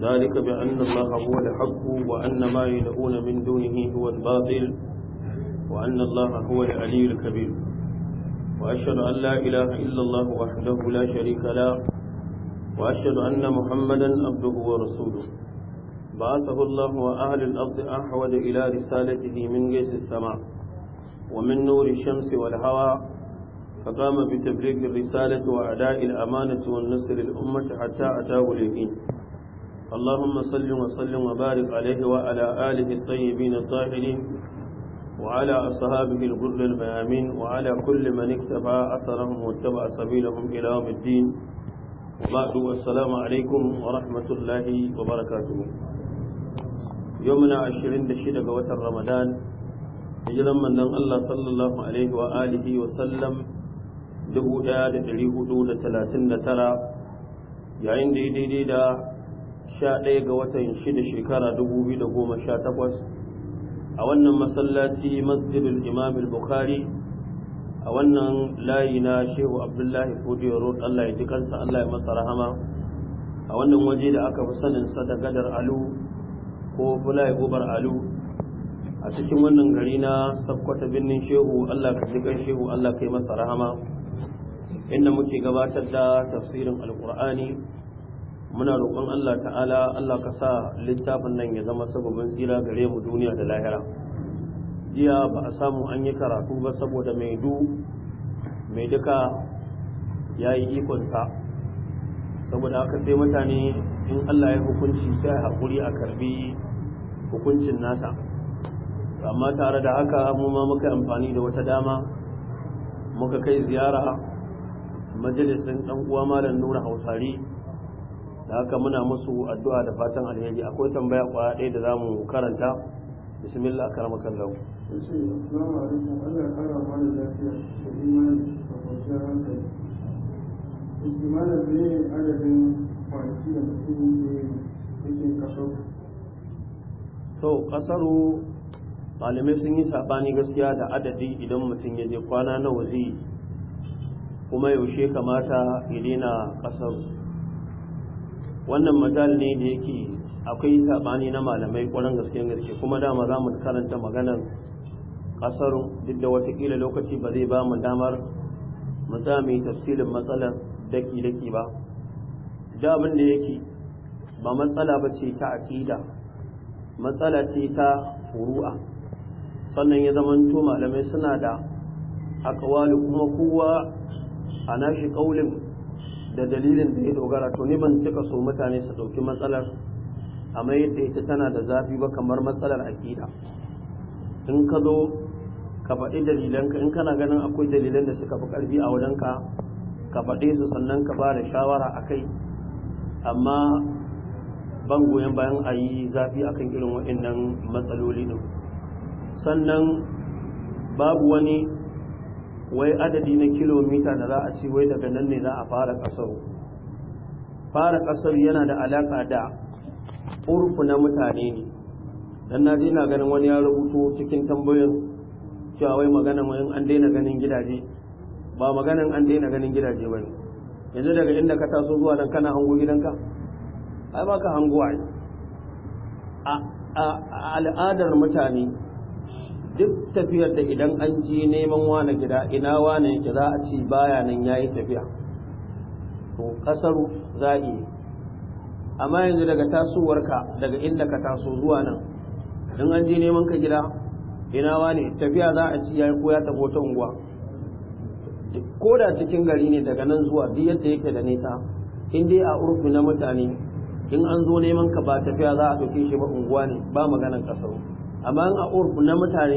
ذلك بأن الله هو الحق وأن ما يدعون من دونه هو الباطل وأن الله هو العلي الكبير وأشهد أن لا إله إلا الله وحده لا شريك له وأشهد أن محمدا عبده ورسوله بعثه الله وأهل الأرض أحود إلى رسالته من جيش السماء ومن نور الشمس والهواء فقام بتبليغ الرسالة وأداء الأمانة والنصر للأمة حتى أتاه اليقين اللهم صل وسلم وبارك عليه وعلى آله الطيبين الطاهرين وعلى أصحابه الغر الميامين وعلى كل من اكتبع أثرهم واتبع سبيلهم إلى يوم الدين وبعد والسلام عليكم ورحمة الله وبركاته يومنا عشرين دشيدة قوة رمضان hijiran manzon Allah sallallahu alaihi wa alihi wa sallam 1439 yayin da daidai da 11 ga watan 6 shekara 2018 a wannan masallaci masjidul imam bukhari a wannan layi na shehu abdullahi fodiyar road allah ya ji kansa allah ya masa rahama a wannan waje da aka fi saninsa da gadar alu ko fulai gobar alu a cikin wannan gari na sabkwata birnin shehu allah ka ji kan shehu allah ka yi masa rahama inda muke gabatar da tafsirin alkur'ani muna roƙon Allah ta'ala Allah ka sa littafin nan ya zama sababin tsira gare mu duniya da lahira jiya ba a samu an yi karatu ba saboda mai du mai duka ya yi ikonsa saboda haka sai mutane in Allah ya hukunci sai haƙuri a karbi hukuncin nasa amma tare da haka mu ma muka amfani da wata dama muka kai ziyara majalisin ɗan uwa malam nura hausari da haka muna musu addu'a da fatan alheri akwai tambaya kwaya ɗaya da zamu karanta bismillah karama kallon to kasaru malamai sun yi sabani gaskiya da adadi idan mutum ya je kwana na zai kuma yaushe kamata ya daina kasaru wannan majal ne da yake akwai sabani na malamai ƙwarar gaske gaske kuma dama za mu karanta maganar ƙasar duk da watakila lokaci ba zai ba mu damar mu za mu yi tafsirin matsalar daki-daki ba da abin da yake ba matsala ba ce ta aƙida matsala ce ta furu'a sannan ya zamanto malamai suna da akawalu kuma kowa a nashi ƙaulin da dalilin da ya dogara to ni ban cika so mutane su ɗauki matsalar amma yadda ita tana da zafi ba kamar matsalar aƙida in ka zo ka faɗi dalilanka in kana ganin akwai dalilan da suka fi ƙarfi a wajenka ka faɗe su sannan ka ba da shawara a kai amma ban goyon bayan a yi zafi a kan irin waɗannan matsaloli ɗin sannan babu wani wai adadi na kilomita da za a ci wai daga nan ne za a fara ƙasar fara ƙasar yana da alaƙa da urfu na mutane ne dan na je na ganin wani ya rubuto cikin tambayoyin cewa wai magana mai an daina ganin gidaje ba maganan an daina ganin gidaje ba ne yanzu daga inda ka taso zuwa nan kana hango gidanka ai ba ka hango ai a al'adar mutane duk tafiyar da idan an je neman wane gida ina wane yake za a ci baya nan ya yi tafiya to ƙasar za a yi amma yanzu daga tasowarka daga inda ka taso zuwa nan in an je neman ka gida ina wane tafiya za a ci ya ko ya ta bota unguwa ko da cikin gari ne daga nan zuwa duk yadda yake da nisa in dai a urfi na mutane in an zo neman ka ba tafiya za a ɗauke shi ba unguwa ne ba maganan kasaru amma a urfu na mutane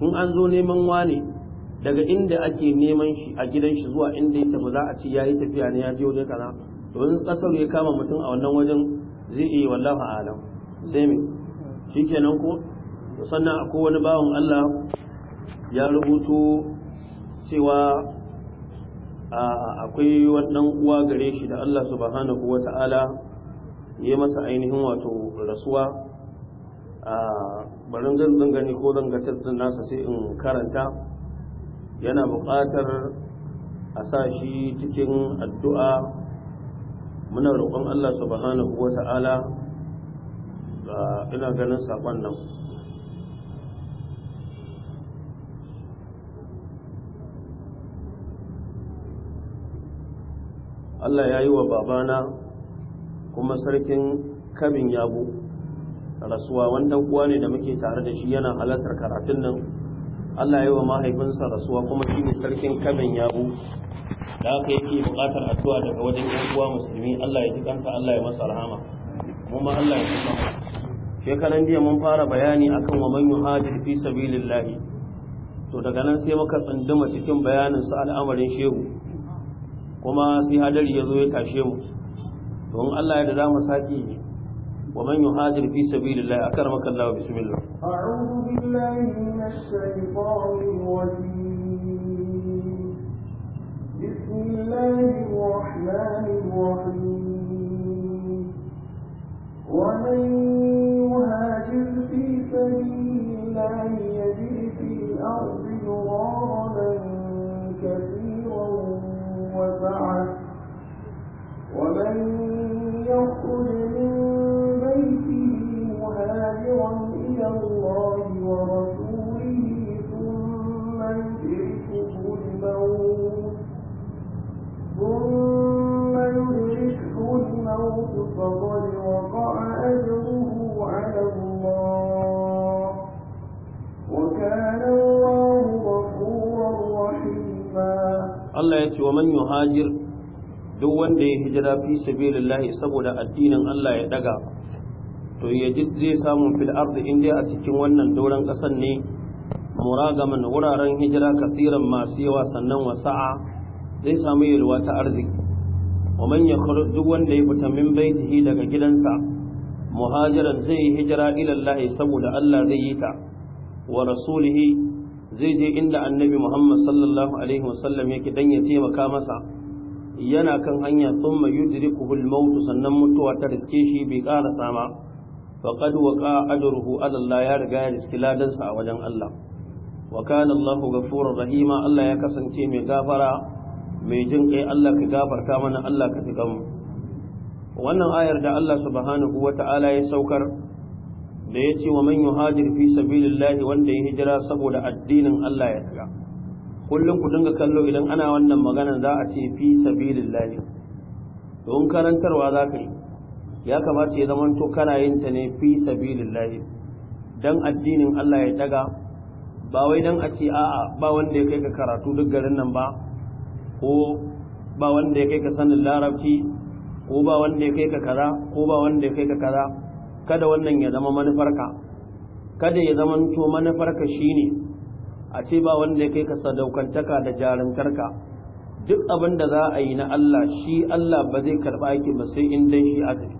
in an zo neman wane daga inda ake neman shi a gidan shi zuwa inda ya tafi za a ci yayi tafiya ne ya je waje kaza to in kasar ya kama mutum a wannan wajen zai iya wallahu alam sai me shikenan ko sannan akwai wani bawan Allah ya rubuto cewa akwai wannan uwa gare shi da Allah subhanahu wata'ala ya masa ainihin wato rasuwa barin zan gani ko zan nasa sai in karanta yana buƙatar a sa shi cikin addu'a muna roƙon Allah subhanahu wa ta'ala ina ganin saƙon nan Allah ya yi wa babana kuma sarkin kamin yabo rasuwa wannan uwa ne da muke tare da shi yana halartar karatun nan Allah yi wa mahaifinsa rasuwa kuma shi ne sarkin kamen yabo da aka yake buƙatar addu'a daga wajen yan uwa musulmi Allah ya ji kansa Allah ya masa rahama mu ma Allah ya ji kansa shekaran jiya mun fara bayani akan wa man yuhajir fi sabilillah to daga nan sai muka tsunduma cikin bayanin su al'amarin shehu kuma sai hadari ya zo ya tashe mu don Allah ya da za mu sake ومن يهاجر في سبيل الله أكرمك الله بسم الله أعوذ بالله من الشيطان الرجيم بسم الله الرحمن الرحيم ومن يهاجر في سبيل الله يجد في الأرض ضرارا كثيرا وسعة ومن يخرج من ورسوله ثم يدركه الموت ثم يدركه الموت فقد وقع أجره على الله وكان الله غفورا رحيما الله ومن يهاجر duk wanda ya hijira fi sabilillahi saboda addinin Allah ya daga to yajid zai samu fil ardi in dai a cikin wannan doron ƙasar ne muragaman wuraren hijira kasiran masu yawa sannan wasa'a zai samu yalwa ta arziki wa man yakhruj duk wanda ya fita min baitihi daga gidansa muhajiran zai yi hijira ila Allah saboda Allah zai yi ta wa rasulihi zai je inda annabi Muhammad sallallahu alaihi wasallam yake dan ya taimaka masa yana kan hanya thumma yudrikuhu al-maut sannan mutuwa ta riske shi bai ƙara sama faqad waqa ajruhu ala Allah ya riga ya riski ladansa a wajen Allah wa kana Allahu ghafurur rahima Allah ya kasance mai gafara mai jin kai Allah ka gafarta mana Allah ka tuka mu wannan ayar da Allah subhanahu Ta'ala ya saukar da ya ce wa man yuhajir fi sabilillahi wanda ya hijira saboda addinin Allah ya tsira kullum dinga kallo idan ana wannan magana za a ce fi sabilillahi don karantarwa za ka yi ya kamata ya zamanto kana yin ta ne fi sabilillahi dan addinin Allah ya daga ba wai dan a ce a'a ba wanda ya kai ka karatu duk garin nan ba ko ba wanda ya kai ka sanin larabci ko ba wanda ya kai ka kaza ko ba wanda ya kai ka kaza kada wannan ya zama manufarka kada ya zamanto manufarka shine a ce ba wanda ya kai ka sadaukantaka da jarumtarka duk abin da za a yi na Allah shi Allah ba zai karɓa aikin ba sai in dan shi aka yi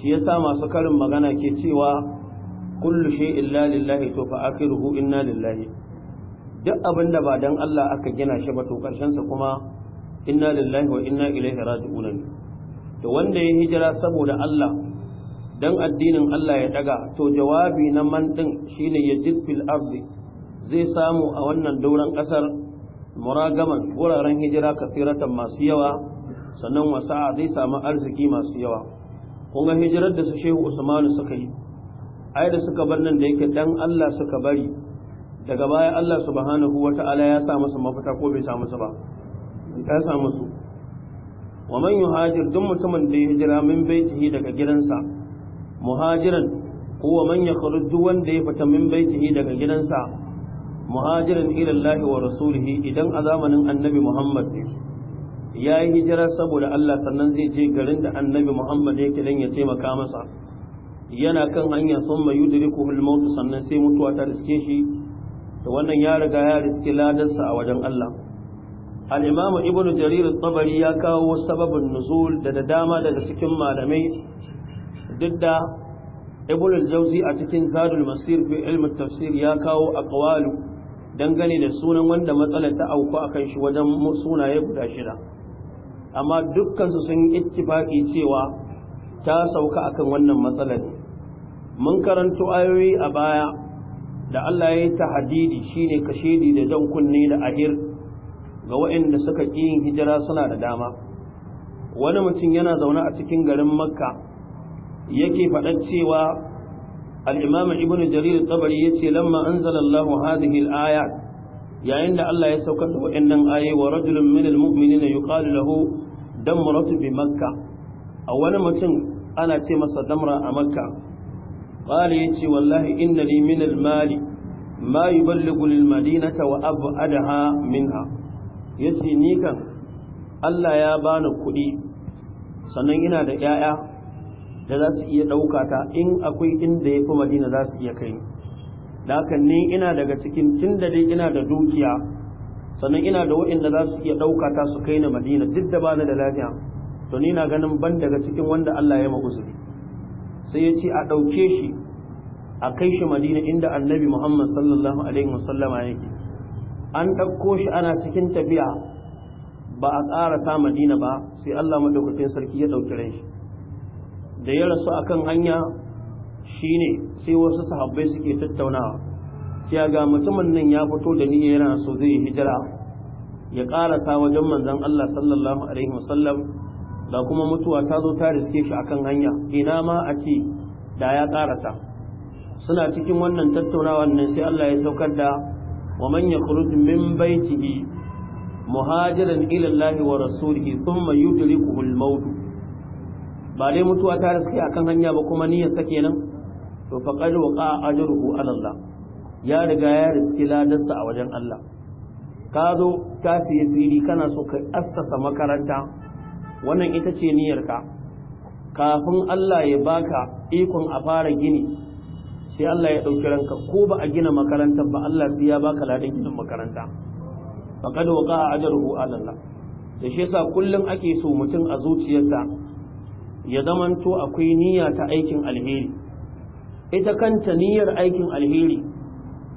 shi yasa masu karin magana ke cewa kullu shi illa lillahi to fa akiruhu inna lillahi duk abin da ba dan Allah aka gina shi ba to karshen sa kuma inna lillahi wa inna ilaihi raji'un to wanda ya hijira saboda Allah dan addinin Allah ya daga to jawabi na man din shine ya fil ardi zai samu a wannan dauran kasar muragaman wuraren hijira kafiratan masu yawa sannan wasa'a zai samu arziki masu yawa Kuma hijirar da su shehu usmanu suka yi ai da suka bar nan da yake dan Allah suka bari daga baya Allah subhanahu wata'ala ya sa musu mafita ko bai sa musu ba ya sa musu wa man yuhajir duk mutumin da ya hijira min baitihi daga gidansa muhajiran ko man yakhruj duk wanda ya fita min baitihi daga gidansa muhajiran ila Allah wa rasulihi idan a zamanin annabi Muhammad ne ya yi hijira saboda Allah sannan zai je garin da annabi Muhammad yake dan ya taimaka masa yana kan hanya sun mai yudriku al-maut sannan sai mutuwa ta riske shi to wannan ya riga ya riske ladarsa a wajen Allah al-imamu ibnu jarir at-tabari ya kawo sababin nuzul da dama daga cikin malamai duk da ibnu al-jawzi a cikin zadul masir fi ilmi tafsir ya kawo aqwalu dangane da sunan wanda matsalar ta auku akan shi wajen sunaye guda shida amma dukkansu sun ittifaki cewa ta sauka akan wannan matsalar mun karanto ayoyi a baya da Allah ya yi ta hadidi shine kashedi da jan kunne da ahir ga waɗanda suka ƙi yin hijira suna da dama wani mutum yana zaune a cikin garin makka yake faɗar cewa al-imam ibn jarir tabari yace lamma anzalallahu hadhihi al-ayat yayin da Allah ya saukar da waɗannan ayoyi wa rajulun minal mu'minina yuqalu lahu damratu bi makka a wani mutum ana ce masa damra a makka qali yace wallahi inna li min al mali ma yuballighu lil madinata wa ab'adaha minha yace ni kan Allah ya bani kuɗi sannan ina da 'ya'ya da za su iya ɗauka ta in akwai inda ya fi madina za su iya kai da haka ni ina daga cikin tunda dai ina da dukiya sannan ina da wa'inda za su iya ɗauka ta su kai na madina duk da bani da lafiya to ni na ganin ban daga cikin wanda Allah ya maguzuri sai ya ce a ɗauke shi a kai shi madina inda annabi muhammad sallallahu alaihi wasallama yake an ɗauko shi ana cikin tafiya ba a sa madina ba sai Allah madaukakin sarki ya ɗauki ran shi da ya rasu a kan hanya shine sai wasu sahabbai suke tattaunawa cewa ga mutumin nan ya fito da niyya yana so zai yi hijira ya karasa wajen manzon Allah sallallahu alaihi wasallam da kuma mutuwa ta zo ta riske shi akan hanya ina ma a ce da ya karasa suna cikin wannan tattaunawa nan sai Allah ya saukar da wa man yakhruj min baytihi muhajiran ila Allah wa rasulihi thumma yudrikuhu al-maut ba dai mutuwa ta riske akan hanya ba kuma niyyar sa kenan to faqad waqa ajruhu ala Allah ya riga ya riski ladarsa a wajen Allah ka zo ka siya fili kana so ka assasa makaranta wannan ita ce niyyarka kafin Allah ya baka ikon a fara gini sai Allah ya ɗauki ranka ko ba a gina makarantar ba Allah sai ya baka ladan gidan makaranta faqad waqa'a ajruhu 'ala Allah da shi yasa kullum ake so mutum a zuciyarsa ya zamanto akwai niyya ta aikin alheri ita kanta niyyar aikin alheri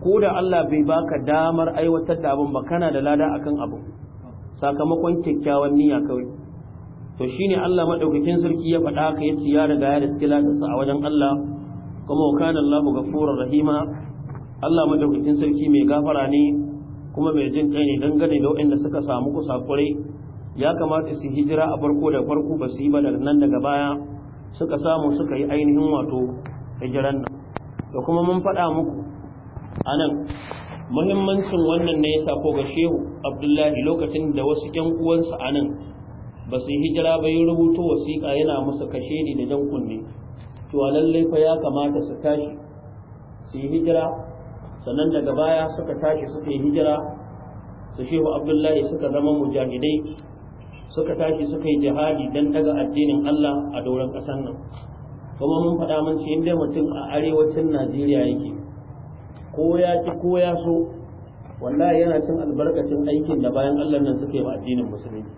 ko da Allah bai baka damar aiwatar da abin ba kana da lada akan abu, sakamakon kyakkyawan niyya kawai to shine Allah madaukakin sarki ya faɗa ka yace ya riga ya riski ladarsa a wajen Allah kuma wa kana Allahu ghafurur rahima Allah madaukakin sarki mai gafara ne kuma mai jin kai ne dangane da waɗanda suka samu kusakure ya kamata su hijira a farko da farko ba su yi ba daga nan daga baya suka samu suka yi ainihin wato hijiran nan da kuma mun faɗa muku anan muhimmancin wannan ne yasa ko ga shehu abdullahi lokacin da wasu ƴan uwansa anan ba su hijira ba yi rubuto wasiƙa yana musu kashe ni da jan kunne to lallai fa ya kamata su tashi su yi hijira sannan daga baya suka tashi suka yi hijira su shehu abdullahi suka zama mujahidai suka tashi suka yi jihadi don daga addinin Allah a doron ƙasar nan kuma mun faɗa mun cewa inda mutum a arewacin Najeriya yake ko ya ki ko ya so wallahi yana cin albarkacin aikin da bayan Allah nan suke wa addinin musulunci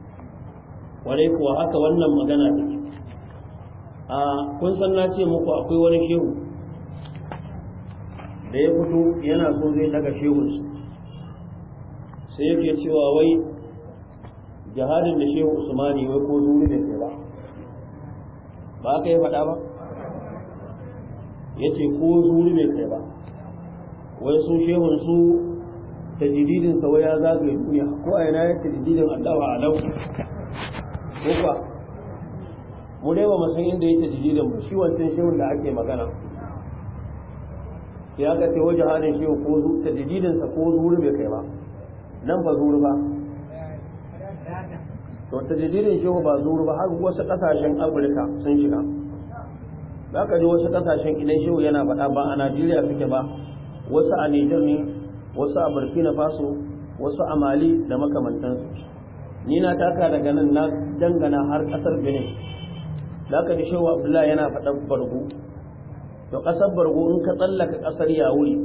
wale kuwa haka wannan magana take a kun san na ce muku akwai wani shehu da ya fito yana so zai daga shehu sai yake cewa wai jihadin da shehu usmani wai ko zuri ne ke ba ba ka yi faɗa ba ya ce ko zuri ne kai ba wai su shehun su jididin sa wai ya zagaye duniya ko a yana ya jididin Allah a alau ko ba mu dai ba mu san inda yake jididin mu shi wancan shehun da ake magana ya ga ta waje halin shehu ko zu jididin sa ko zuru bai kai ba nan ba zuru ba to ta tajididin shehu ba zuru ba har wasu kasashen Afirka sun shiga za ka ji wasu kasashen idan shehu yana faɗa ba a Najeriya suke ba wasu a Nijar ne wasu a Burkina Faso wasu a Mali da makamantansu ni na taka daga nan na dangana har kasar Benin aka da shehu Abdullahi yana faɗan bargo to kasar bargo in ka tsallaka kasar Yawuri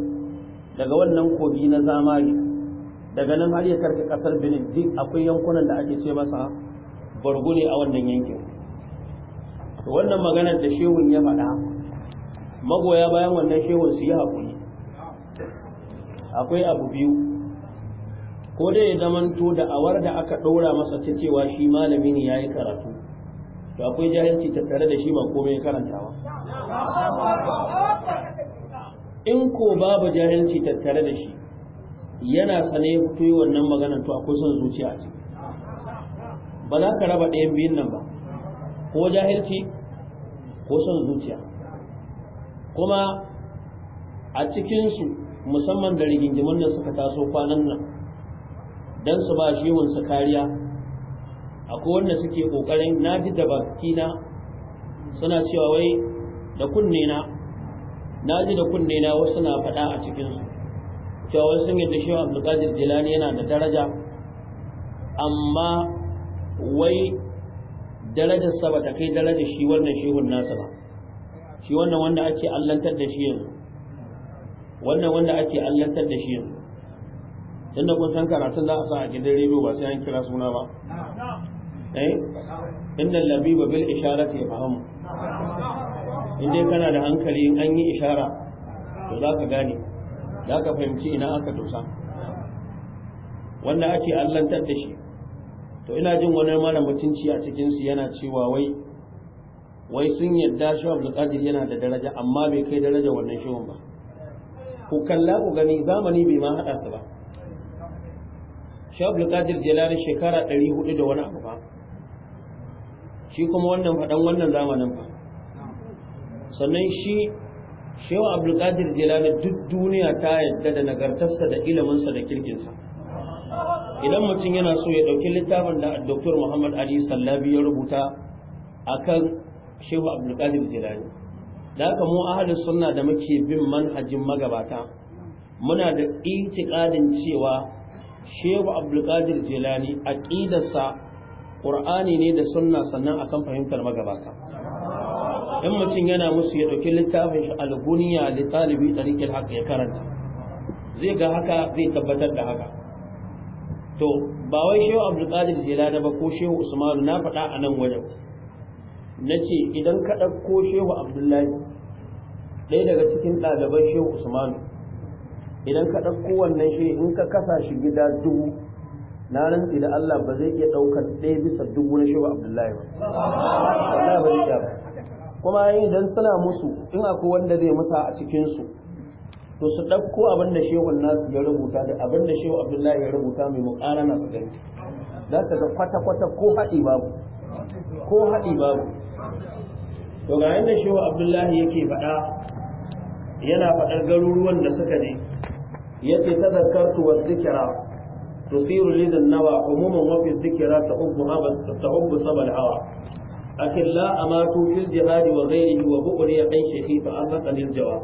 daga wannan kogi na zamani, daga nan har ya karka kasar Benin duk akwai yankunan da ake ce masa bargo ne a wannan yankin to wannan maganar da shehun ya faɗa magoya bayan wannan shehun su yi haƙuri akwai abu biyu ko dai ya zamanto da awar da aka ɗora masa ta cewa shi malami ne ya yi karatu to akwai jahilci tattare da shi ba komai karantawa in ko babu jahilci tattare da shi yana sane fito wannan maganar to akwai son zuciya ce ba za ka raba ɗayan biyun nan ba ko jahilci ko son zuciya kuma a cikinsu musamman da rigingimin nan suka taso kwanan nan don su ba shehunsa kariya akwai wanda suke ƙoƙarin na ji da bakina suna cewa wai da kunne na na ji da kunne na wasu na faɗa a cikinsu cewa wasu sun yadda shehu abdulkadir jilani yana da daraja amma wai darajarsa ba ta kai darajar shi wannan shehun nasa ba shi wannan wanda ake allantar da shi yanzu wannan wanda ake allantar da shi yanzu inda kun san karatun za a sa a gidan rediyo ba sai an kira suna ba eh inda labiba bil ishara ta fahimu inda kana da hankali in an yi ishara to za ka gane za ka fahimci ina aka dosa wanda ake allantar da shi to ina jin wani malam mutunci a cikinsu yana cewa wai wai sun yadda shawar da yana da daraja amma bai kai daraja wannan shehun ba ku kalla ku gani zamani bai ma haɗa su ba shabul qadir jalali shekara 400 da wani abu ba shi kuma wannan faɗan wannan zamanin ba sannan shi abul qadir jalali duk duniya ta yadda da nagartarsa da iliminsa da kirkinsa idan mutum yana so ya ɗauki littafin da dr muhammad ali sallabi ya rubuta akan shewa qadir jilani da haka mu ahalin sunna da muke bin manhajin magabata muna da itiqadin cewa Shehu Abdul Qadir Jilani aqidarsa Qur'ani ne da sunna sannan akan fahimtar magabata in mutum yana musu ya dauki littafin shi al-guniya li talibi tariqil haqq ya karanta zai ga haka zai tabbatar da haka to ba wai Shehu Abdul Qadir Jilani ba ko Shehu Usman na faɗa a nan wajen nace idan ka ko Shehu Abdullahi ɗaya daga cikin ɗaliban shehu usmanu idan ka ɗauko wannan shi in ka kasa shi gida dubu na rantsi da Allah ba zai iya ɗaukar ɗaya bisa dubu na shehu abdullahi ba Allah ba zai iya ba kuma idan suna musu in akwai wanda zai musa a cikinsu to su ɗauko abin da shehu nasu ya rubuta da abin da shehu abdullahi ya rubuta mai muƙara nasu gani za su ga kwata-kwata ko haɗi babu ko haɗi babu to ga yadda shehu abdullahi yake faɗa yana faɗar garuruwan da suka je yace tadakkartu wa dhikra tusiru lidan nawa umuman wa fi dhikra ta'ubbu sabal hawa akin la amatu fil jihad wa ghayrihi wa bu'ri aishihi fa arqa lil jawab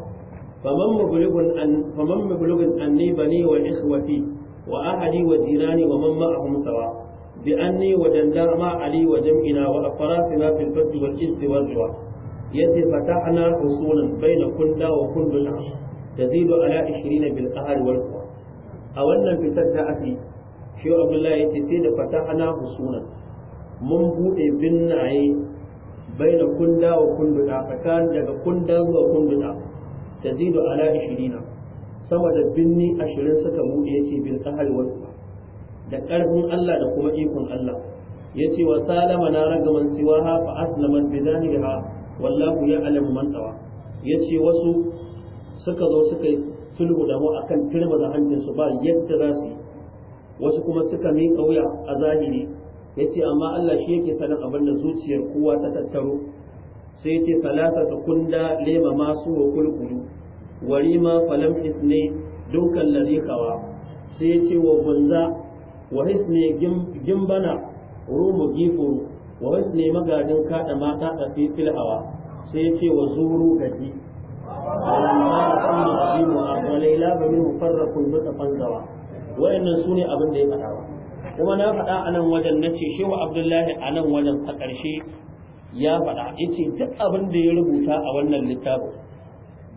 faman mablughun faman mablughun anni bani wa ikhwati wa ahli wa jirani wa man ma'ahum sawa Ali ودندر مع wa وجمعنا وأفراسنا في الفرد والإذ والرضا yace fatahna bai na kunda wa kulluna tazidu ala 20 bil qahr wal quwa a wannan fitar da ake shi Abdullahi ce sai da fatahna usulan mun bude binnaye na kunda wa kulluna fakan daga kulla zuwa da tazidu ala 20 sama da binni ashirin suka buɗe ya ce qahr wal quwa da ƙarfin Allah da kuma ikon Allah Ya ce wa salama na ragaman siwaha fa aslaman bidaniha wallahu ya alamu man tsawa ya ce wasu suka zo suka yi sulhu da mu akan turba da hancinsu ba yadda za su yi wasu kuma suka miƙa wuya a zahiri ya ce amma Allah shi yake sanin abin da zuciyar kowa ta tattaro sai ce salata ta kunda lema masu wa kulkulu wari ma falam isne dukan lalikawa sai ya ce wa banza wa isne gimbana rumu gifuru wa wasu ne magajin kaɗa mata a fifil hawa sai ce wa zuru gaji amma a kuma abimu a walaila ba min mufarrakun duka fanzawa wa'annan su ne abin da ya faɗa ba kuma na faɗa a nan wajen na ce shewa abdullahi a nan wajen a ƙarshe ya faɗa ya ce duk abin da ya rubuta a wannan littafin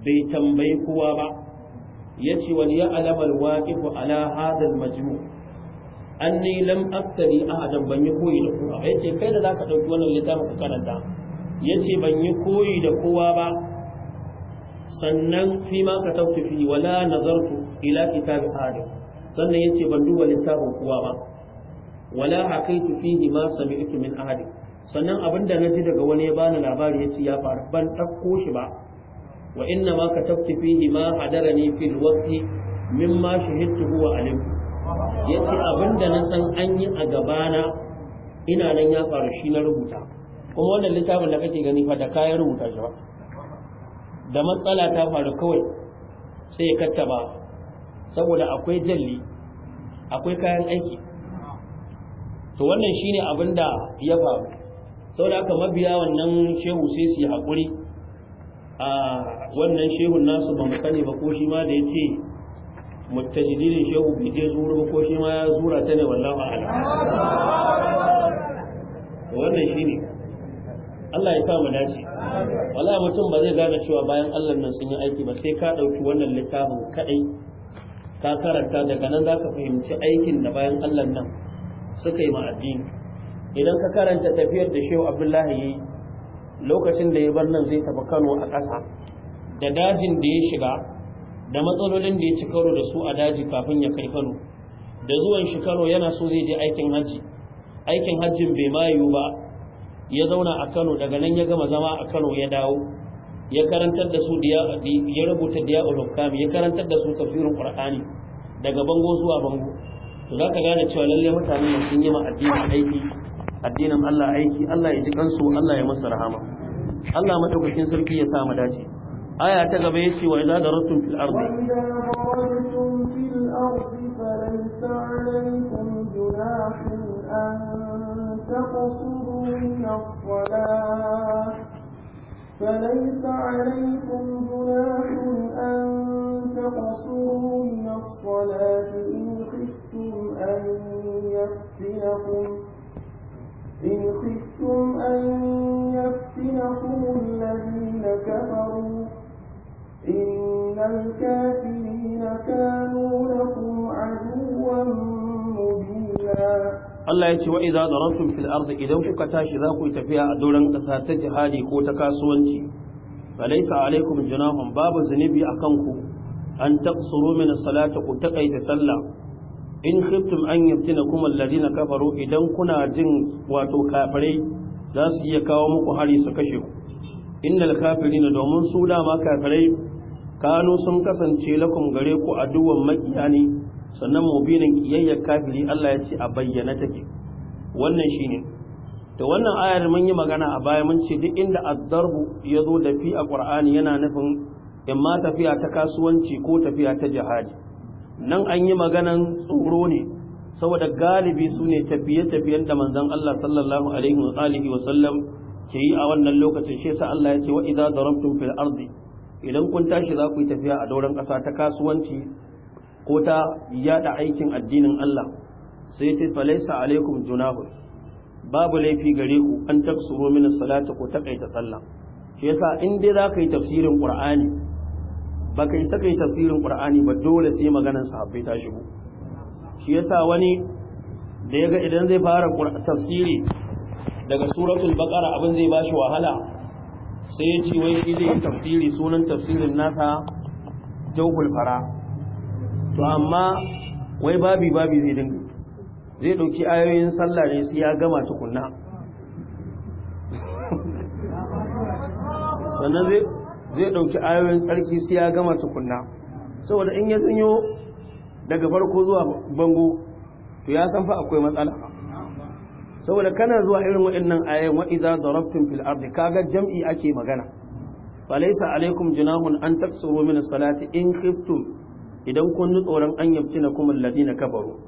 bai tambayi kowa ba ya ce wani ya alamar waƙi ko ala hadal majmu' anni lam aftari ahadan ban yi koyi da kowa ba yace kai da zaka dauki wannan littafin ka karanta yace ban yi koyi da kowa ba sannan fi ma ka tauki fi wala nazartu ila kitabi ahadin sannan yace ban duba littafin kowa ba wala hakaitu fihi ma sami'tu min ahadin sannan abinda naji daga wani ya bani labari yace ya faru ban dauko shi ba wa inna ma ka tauki fihi ma hadarani fil waqti mimma shahidtu huwa alim ya ce abinda na san an yi a gabana ina nan ya faru shi na rubuta kuma wannan littafin da kake gani fa da kayan rubuta shi ba da matsala ta faru kawai sai ya kattaba saboda akwai jalli akwai kayan aiki to wannan shine abin da ya faru saboda aka mabiya wannan shehu sai su yi haƙuri a wannan shehun nasu mu sani ba ko shi ma da ya ce mutajidin shehu bai je zuru ko shi ma ya zura ta ne wallahu a'lam wannan ne. Allah ya sa mu dace wallahi mutum ba zai gane cewa bayan Allah nan sun yi aiki ba sai ka dauki wannan littafin kadai ka karanta daga nan zaka fahimci aikin da bayan Allah nan suka yi ma addini idan ka karanta tafiyar da Shehu Abdullahi yi lokacin da ya bar nan zai tafi Kano a ƙasa da dajin da ya shiga da matsalolin da ya ci karo da su a daji kafin ya kai kano da zuwan shi kano yana so zai je aikin hajji aikin hajjin bai mayu ba ya zauna a kano daga nan ya gama zama a kano ya dawo ya karantar da su ya rubuta diya ulukami ya karantar da su tafsirin qur'ani daga bango zuwa bango to zaka gane cewa lalle mutane sun yi ma addini aiki addinin Allah aiki Allah ya ji kansu Allah ya masa rahama Allah madaukakin sarki ya sa mu dace آية تقبل وإذا دردتم في الأرض وإذا دردتم في الأرض فليس عليكم جناح أن تقصروا من الصلاة فليس عليكم جناح أن تقصروا من الصلاة إن خفتم أن يفتنكم إن خفتم أن يفتنكم الذين كفروا إن الكافرين كانوا لكم عدوا مبينا Allah ya ce wa idza darabtum fil ardi idan kuka tashi za ku yi tafiya a doron ƙasa ta jihadi ko ta kasuwanci falaysa alaikum junahun babu zunubi akan ku an taqsuru min salati ku taqaita sallah in khiftum an yaftinakum alladhina kafaru idan kuna jin wato kafirai za su iya kawo muku hari su kashe ku innal kafirina domin su dama kafirai kanu sun kasance lakum gare ku aduwan makiya ne sannan mubinin kiyayyar kafiri Allah ya ce a bayyana take wannan shine to wannan ayar mun yi magana a baya mun ce duk inda ad-darbu yazo da fi a Qur'ani yana nufin imma tafiya ta kasuwanci ko tafiya ta jihadi nan an yi maganan tsoro ne saboda galibi su ne tafiye-tafiyen da manzon Allah sallallahu alaihi wa alihi wa sallam ke yi a wannan lokacin shi yasa Allah ya ce wa idza darabtum fil ardi idan kun tashi za ku yi tafiya a dauran ƙasa ta kasuwanci ko ta yada aikin addinin Allah sai ta falaisa alaikum junahun babu laifi gare ku an taksuro min salata ko takaita sallah shi yasa in dai za ka yi tafsirin qur'ani ba ka yi saka yi tafsirin qur'ani ba dole sai maganar sahabbai ta shigo shi yasa wani da ya ga idan zai fara tafsiri daga suratul baqara abin zai ba shi wahala sai ya ce wai zai yi tafsiri sunan tafsirin nasa jawhul fara to amma wai babi babi zai dinga zai dauki ayoyin sallah ne sai ya gama tukunna sannan zai dauki ayoyin tsarki sai ya gama tukunna saboda in ya tsinyo daga farko zuwa bango to ya san fa akwai matsala saboda kana zuwa irin wa'annan ayan wa idza darabtum fil ardi kaga jam'i ake magana falaysa alaikum junahun an taksuru min salati in khiftum idan kun ji tsoron an yabtina kum alladina kafaru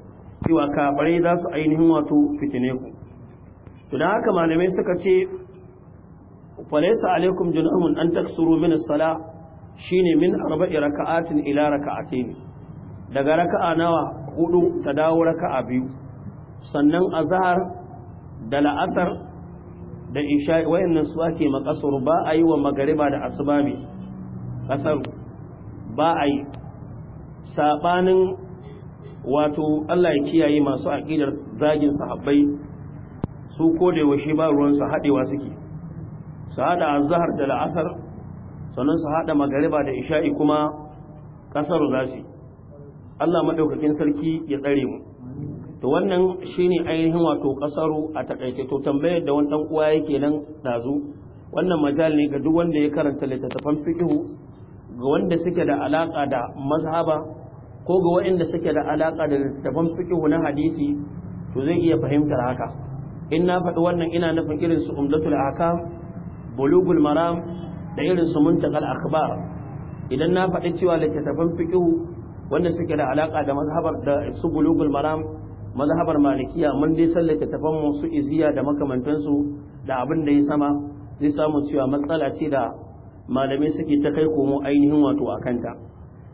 cewa kafare za su ainihin wato fitine ku to dan haka malamai suka ce falaysa alaikum junahun an taksuru min salah shine min arba'i raka'atin ila raka'atin daga raka'a nawa hudu ta dawo raka'a biyu sannan azhar da la'asar da isha'i wayannan su ake makasar ba a yi wa magariba da asuba kasar ba a yi saɓanin wato Allah ya kiyaye masu aƙidar zagin sahabbai su ko da yaushe ba ruwansu haɗewa suke su haɗa azhar da la'asar sannan su haɗa magariba da isha'i kuma ƙasar za su Allah maɗaukakin sarki ya tsare mu to wannan shine ainihin wato kasaru a takaice to tambayar da wani dan uwa yake nan dazu wannan majal ne ga duk wanda ya karanta littattafan fiqhu ga wanda suke da alaka da mazhaba ko ga waɗanda suke da alaka da littattafan fiqhu na hadisi to zai iya fahimtar haka in na faɗi wannan ina nufin irin su umdatul ahkam bulugul maram da irin su muntaqal akhbar idan na faɗi cewa littattafan fiqhu wanda suke da alaka da mazhabar da su bulugul maram mazhabar malikiya mun dai sallake tafan su iziya da makamantansu da abin da ya sama zai samu cewa matsala ce da malamai suke ta kai komo ainihin wato a kanta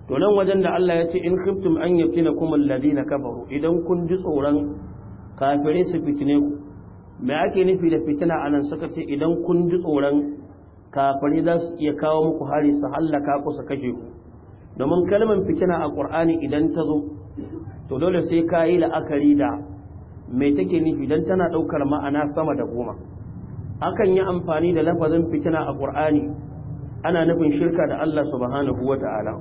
to nan wajen da Allah ya ce in khiftum an yaftinakum alladhina kafaru idan kun ji tsoron kafirai su fitine ku me ake nufi da fitina anan suka ce idan kun ji tsoron kafirai za su iya kawo muku hari su hallaka ku su kashe ku domin kalmar fitina a Qur'ani idan ta zo to dole sai ka yi la'akari da mai take nufi don tana ɗaukar ma'ana sama da goma akan yi amfani da lafazin fitina a ƙur'ani ana nufin shirka da Allah subhanahu wa ta'ala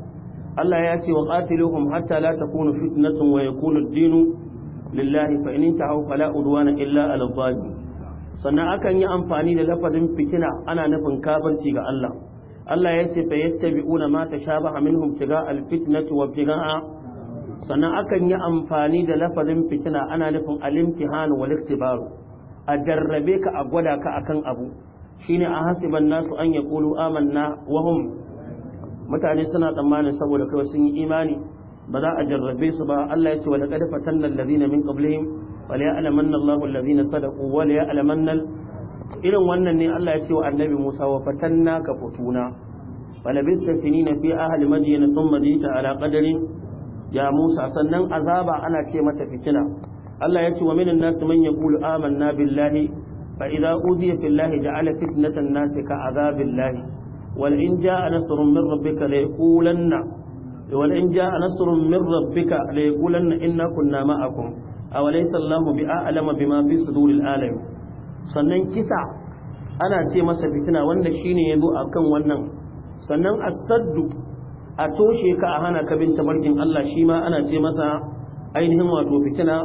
Allah ya ce wa qatiluhum hatta la takunu fitnatun wa yakunu ad-dinu lillahi fa in intahu fala udwana illa ala zalimin sannan akan yi amfani da lafazin fitina ana nufin kafirci ga Allah Allah ya ce fa yattabi'una ma tashabaha minhum tiga al-fitnati wa tiga'a sannan akan yi amfani da lafazin fitina ana nufin alimtihanu wal iktibaru a jarrabe ka a gwada ka akan abu shine a hasiban nasu an kulu, amanna wa hum mutane suna tsammanin saboda kai sun yi imani ba za a jarrabe su ba Allah ya ce wa laqad fatanna alladhina min qablihim wa la ya'lamanna Allahu alladhina sadaqu wa la ya'lamanna irin wannan ne Allah ya ce wa annabi Musa wa fatanna ka futuna falabista sinina fi ahli madyana thumma jita ala qadarin ya Musa sannan azaba ana ce mata fitina Allah ya ce wa minan nasu man yaqulu amanna billahi fa idza udiya fillahi ja'ala fitnatan nasi ka azabillahi wal in jaa nasrun min rabbika la yaqulanna wal in jaa nasrun min rabbika la yaqulanna inna kunna ma'akum aw laysa Allahu bi'alama bima fi suduril alam sannan kisa ana ce masa fitina wanda shine yazo akan wannan sannan asaddu a toshe ka a hana ka bin tabarkin Allah shi ma ana ce masa ainihin wato fitina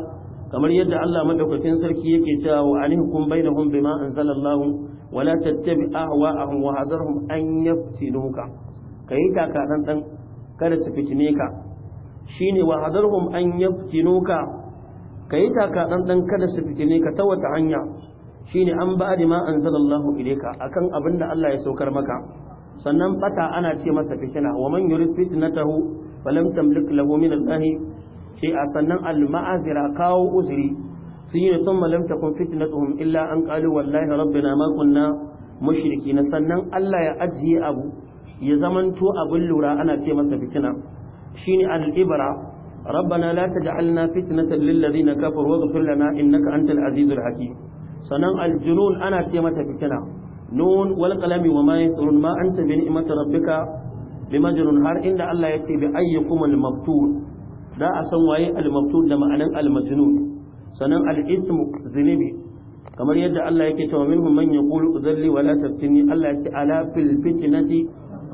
kamar yadda Allah madaukakin sarki yake cewa wa alaikum bainahum bima anzalallahu wala tattabi ahwa'ahum wa hadarhum an yaftinuka kai ka ka dan dan kada su fitine ka shine wa hadarhum an yaftinuka kai ka ka dan dan kada su fitine ka ta wata hanya shine an ba ba'di ma anzalallahu ilayka akan abinda Allah ya saukar maka sannan fata ana ce masa fitina wa man yurid fitnatahu falam tamlik lahu min Allah ce a sannan al ma'azira kawo uzuri sun yi sun malam takun fitnatuhum illa an qalu wallahi rabbina ma kunna mushrikin sannan Allah ya ajiye abu ya zamanto abin lura ana ce masa fitina shine al ibra ربنا لا تجعلنا فتنة للذين كفروا واغفر لنا إنك أنت azizul الحكيم sannan aljunun ana ce mata fitina nun wal qalami wa ma yasurun ma anta bi ni'mati rabbika har inda Allah ya ce bi ayyukum al mabtul da a san waye al mabtul da ma'anan al majnun sanan al ismu Zinibi, kamar yadda Allah yake cewa minhum man yaqulu udhalli wa la taftini Allah ya ce ala fil fitnati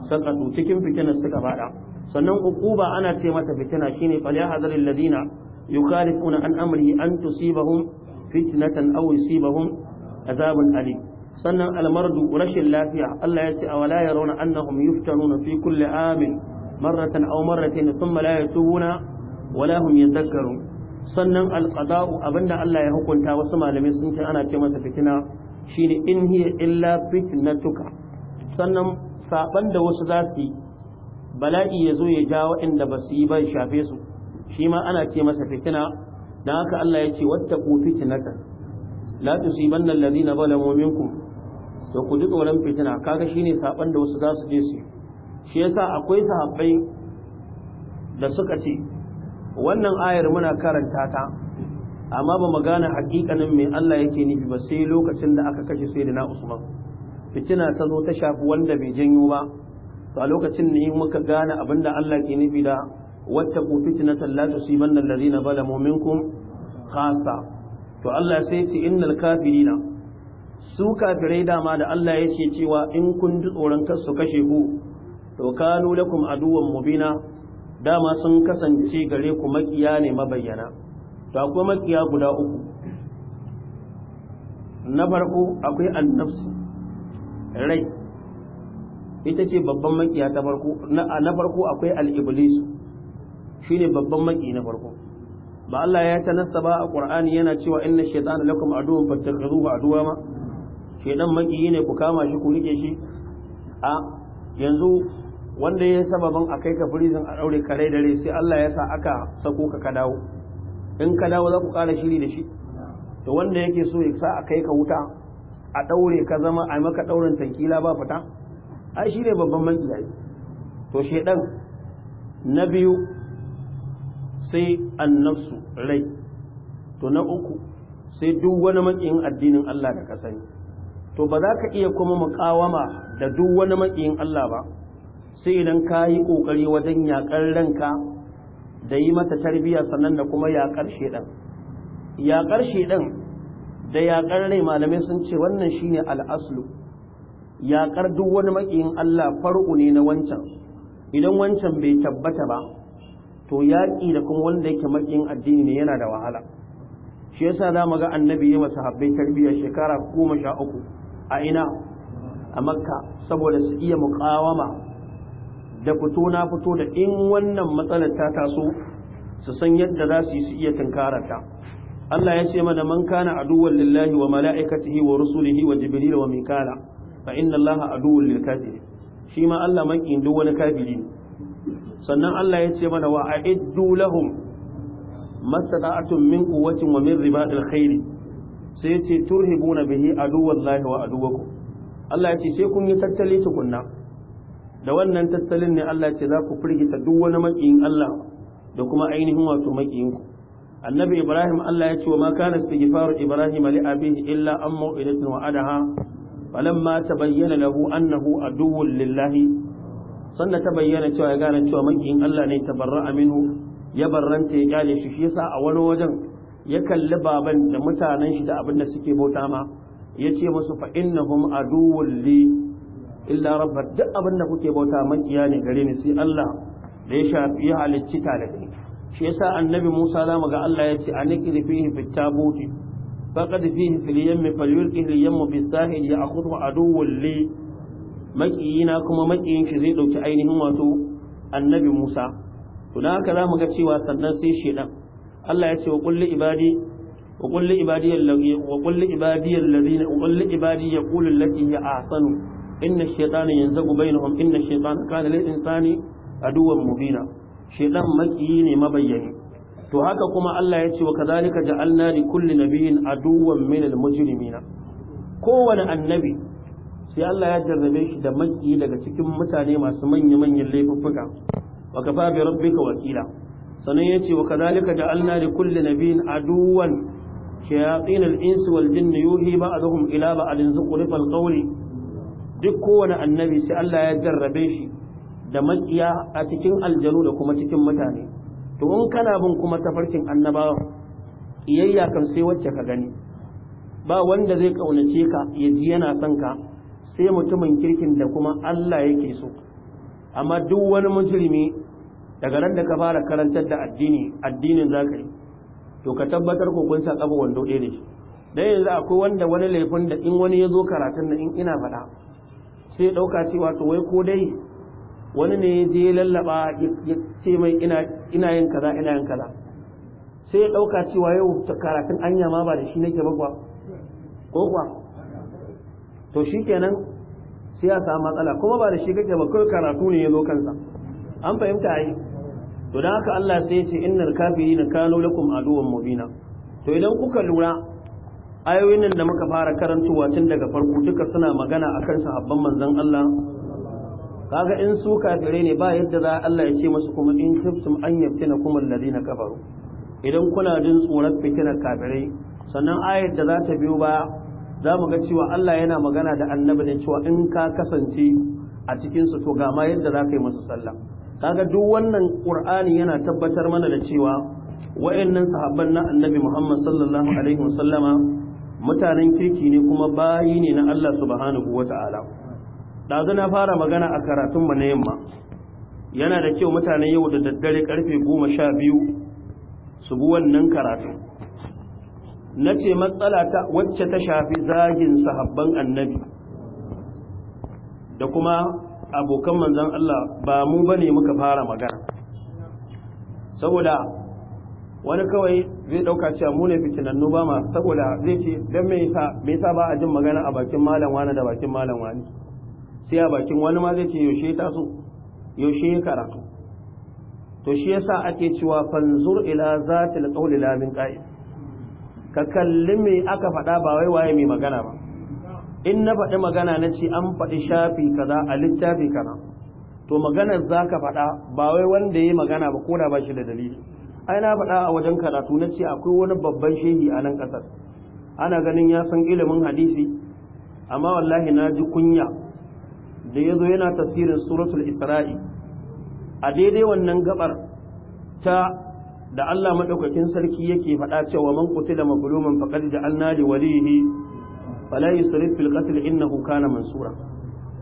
sakatu. cikin fitnar suka fada sannan uquba ana ce mata fitna shine fal yahzar alladhina yukhalifuna an amri an tusibahum fitnatan aw yusibahum azabun alim sannan almardu rashin lafiya Allah ya ce a wala yarawna annahum nuna fi kulli amin marratan aw marratayn thumma la yatubuna wala hum yadhakkarun sannan alqada'u abinda Allah ya hukunta wasu malamai sun ce ana ce masa fitina shine in hiya illa fitnatuka sannan saban da wasu za su yi bala'i ya zo ya ja waɗanda ba su yi ba shafe su shi ma ana ce masa fitina dan haka Allah ya ce wattaqu fitnatan la tusibanna alladhina zalamu minkum to ku ji tsoron fitina kaga shine saban da wasu za su je su shi yasa akwai sahabbai da suka ce wannan ayar muna karanta ta amma ba magana hakikanin me Allah yake nufi ba sai lokacin da aka kashe sayyidina Usman fitina ta zo ta shafi wanda bai janyo ba to a lokacin ne muka gane abinda Allah ke nufi da wattaqu fitina talla tusibanna allazina zalamu minkum khassa to Allah sai ya ce innal kafirina su kafirai dama da Allah ya ce cewa in kun ji tsoron kansu kashe ku to kanu lakum aduwwan mubina dama sun kasance gare ku makiya ne mabayyana to akwai makiya guda uku na farko akwai annafsu rai ita ce babban makiya ta farko na farko akwai al-iblis shine babban maki na farko ba Allah ya tanassaba a Qur'ani yana cewa inna shaytana lakum aduwwan fattakhidhuhu aduwwa nan makiyi ne ku kama shi ku rike shi a yanzu wanda ya sababin a kai ka firizin a daure kare dare sai Allah ya sa aka sako ka ka dawo in ka dawo za ku ƙara shiri da shi to wanda yake so ya sa a kai ka wuta a daure ka zama a maka ɗaurin tankila ba fita ai shi ne babban makiyayi to shedan na biyu sai annafsu rai to na uku sai duk wani makiyin addinin Allah da ka sani to ba za ka iya kuma muƙawama da duk wani makiyin Allah ba sai idan ka yi ƙoƙari wajen yaƙar ranka da yi mata tarbiyya sannan da kuma yaƙar shedan yaƙar shedan da yaƙar rai malamai sun ce wannan shine al'aslu yaƙar duk wani makiyin Allah far'u ne na wancan idan wancan bai tabbata ba to yaƙi da kuma wanda yake maƙiyin addini ne yana da wahala shi yasa za mu ga annabi ya masa habbai tarbiyya shekara goma sha uku a ina a makka saboda su iya muƙawama da fito na fito da in wannan matsalar ta taso su san yadda za su yi su iya tunkararta Allah ya ce mana man kana aduwwan lillahi wa mala'ikatihi wa rusulihi wa jibril wa mikala fa inna Allah aduwwun lil kafir shi ma Allah makin duk wani kafiri sannan Allah ya ce mana wa a'iddu lahum mastata'atun min quwwatin wa min ribatil khairi sai yace turhibuna bihi aduwallahi wa aduwakum Allah ya ce sai kun yi tattali tukunna da wannan tattalin ne Allah ya ce za ku firgita duk wani makiyin Allah da kuma ainihin wato makiyin ku annabi Ibrahim Allah ya ce wa ma kana istighfaru Ibrahim li abihi illa an mau'idatin wa adaha falamma tabayyana lahu annahu aduwwul lillahi sannan ta bayyana cewa ya gane cewa makiyin Allah ne tabarra'a minhu ya barranta ya kyale shi shi yasa a wani wajen ya kalli baban da mutanen shi da abin da suke bauta ma ya ce musu fa innahum aduwwul li illa rabbar duk abin da kuke bauta makiya ne gare ni sai Allah da ya shafi ya halicci ni. shi yasa annabi Musa zamu ga Allah ya ce anikri fihi fit tabuti faqad fihi fil yammi falyulqihi al yammu bis sahil ya'khudhu aduwwul li makiyina kuma makiyin shi zai dauki ainihin wato annabi Musa to dan haka zamu ga cewa sannan sai shedan Allah ya ce wa kulli ibadi wa kulli ibadi allazi wa kulli ibadi allazi wa kulli ibadi yaqulu allati hiya ahsanu inna ash-shaytana yanzagu bainahum inna ash-shaytana kana lil insani aduwwan mubina shedan makiyi ne mabayyani to haka kuma Allah ya ce wa kadhalika ja'alna li kulli nabiyyin aduwwan min al-mujrimina kowane annabi sai Allah ya jarrabe shi da maki daga cikin mutane masu manya-manyan laifuffuka wa kafa bi rabbika wakila sanan yace wa kadhalika ja'alna li kulli nabiyyin aduwan shayatin al-insi wal jinni yuhi ba'dhum ila ba'din zuqrifal qawli duk kowane annabi sai Allah ya jarrabe shi da makiya a cikin aljanu da kuma cikin mutane to kana bin kuma tafarkin annabawa iyayya kan sai wacce ka gani ba wanda zai ƙaunace ka ya ji yana son ka sai mutumin kirkin da kuma Allah yake so amma duk wani mujrimi daga nan da ka fara karantar da addini addinin za ka yi to ka tabbatar ko kun sa ƙafa wando ɗaya ne shi dan yanzu akwai wanda wani laifin da in wani ya zo karatun na in ina faɗa sai ɗauka cewa to wai ko dai wani ne ya je lallaba ya ce mai ina yin kaza ina yin kaza sai ya ɗauka cewa yau ta karatun anya ma ba da shi nake ba ko kwa, to shi kenan sai ya samu matsala kuma ba da shi kake ba kawai karatu ne ya zo kansa an fahimta a yi to dan haka Allah sai ya ce innal kafirin kanu lakum aduwwan mubina to idan kuka lura ayoyin nan da muka fara karantowa tun daga farko duka suna magana akan sahabban manzon Allah kaga in su kafire ne ba yadda za Allah ya ce musu kuma in kuntum an yaftina kuma alladhina kafaru idan kuna jin tsoron fitina kafire, sannan ayar da za ta biyo ba za mu ga cewa Allah yana magana da annabi ne cewa in ka kasance a cikinsu to ga ma yadda za ka yi musu sallah kaga duk wannan qur'ani yana tabbatar mana da cewa wayannan sahabban na annabi Muhammad sallallahu alaihi wasallama mutanen kirki ne kuma bayi ne na Allah subhanahu wata'ala dazu na fara magana a karatun mu na yamma yana da kyau mutane yau da daddare karfe 12 su bi wannan karatu nace matsala ta wacce ta shafi zagin sahabban annabi da kuma abokan manzan Allah ba mu ba ne muka fara magana saboda wani kawai zai dauka cewa mu ne fitinannu ba ma saboda zai ce don me yasa me ba a jin magana a bakin malam wani da bakin malam wani sai a bakin wani ma zai ce yaushe ta so yaushe karatu to shi yasa ake cewa fanzur ila zatil qawli la min qa'id ka kalli me aka faɗa ba wai waye mai magana ba in na faɗi magana na ce an faɗi shafi kaza a littafi kaza to maganar za ka faɗa ba wai wanda ya yi magana ba ko da ba shi da dalili ai na faɗa a wajen karatu na ce akwai wani babban shehi a nan ƙasar ana ganin ya san ilimin hadisi amma wallahi na ji kunya da ya zo yana tasirin suratul isra'i a daidai wannan gabar ta da Allah madaukakin sarki yake faɗa cewa man qutila mazluman faqad ja'alna li walihi fala yusrif fil qatl innahu kana mansura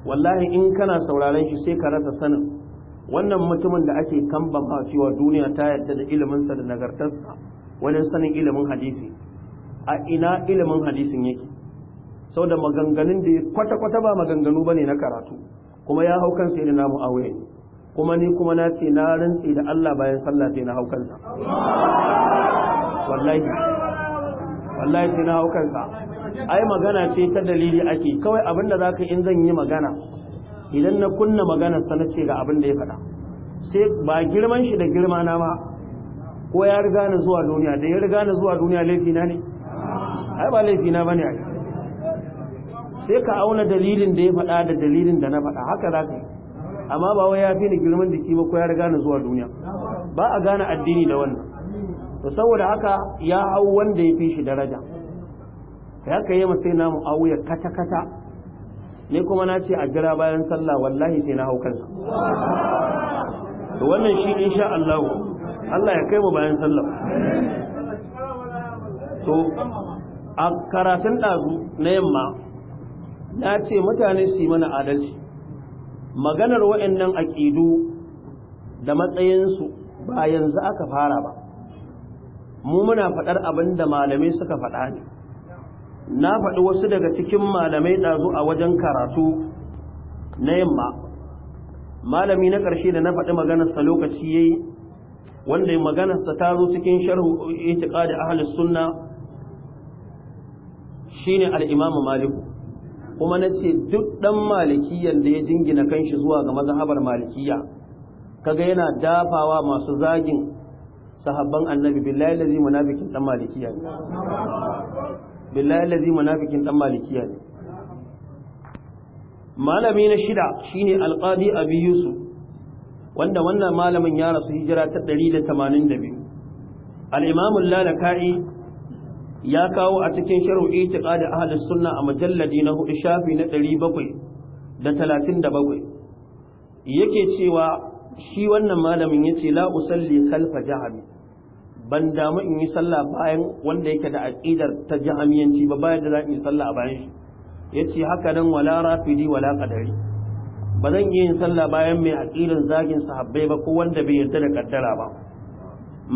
wallahi in kana sauraron shi sai ka rasa sanin wannan mutumin da ake kamba ma cewa duniya ta yadda da ilimin sa da nagartarsa wajen sanin ilimin hadisi a ina ilimin hadisin yake sau da maganganun da ya kwata-kwata ba maganganu bane na karatu kuma ya hau kansa da namu aure kuma ni kuma na ce na rantsi da Allah bayan sallah sai na hau kansa wallahi wallahi sai na hau kansa ai magana ce ta dalili ake kawai abin da zaka in zan yi magana idan na kunna magana sana ce ga abin da ya faɗa sai ba girman shi da girma na ma ko ya riga na zuwa duniya da ya riga na zuwa duniya laifi na ne ai ba laifi na bane ai sai ka auna dalilin da ya faɗa da dalilin da na faɗa haka zaka yi amma ba wai ya fi ni girman jiki ba ko ya riga na zuwa duniya ba a gane addini da wannan to saboda haka ya hau wanda ya fi shi daraja ya ka yi sai na mu'awiya kata kata ne kuma na ce a jira bayan sallah wallahi sai na hau kansa to wannan shi insha Allah Allah ya kai mu bayan sallah to a karatun ɗazu na yamma na ce mutane su yi mana adalci maganar wa'annan aƙidu da matsayinsu ba yanzu aka fara ba mu muna faɗar abin da malamai suka faɗa ne na faɗi wasu daga cikin malamai ɗazu a wajen karatu na yamma malami na ƙarshe da na faɗi maganarsa lokaci ya yi wanda maganarsa ta zo cikin sharhu itiƙa da ahalus sunna ne al'imamu maliku kuma na ce duk ɗan malikiyar da ya jingina kanshi zuwa ga mazhabar malikiya kaga yana dafawa masu zagin sahabban annabi billahi lazi munafikin ɗan malikiya billahi allazi munafikin dan malikiya ne malami na shida shine alqadi abi yusuf wanda wannan malamin ya rasu hijira ta 182 al-imam al-lalakai ya kawo a cikin sharh itiqad ahli sunna a mujalladi na hudu shafi na da 37 yake cewa shi wannan malamin yace la usalli khalfa jahannam ban damu in yi sallah bayan wanda yake da aqidar ta jahamiyanci ba bayan da za in yi sallah a bayan shi yace haka nan wala rafidi wala qadari ba zan yi yin sallah bayan mai aqidar zagin sahabbai ba ko wanda bai yarda da kaddara ba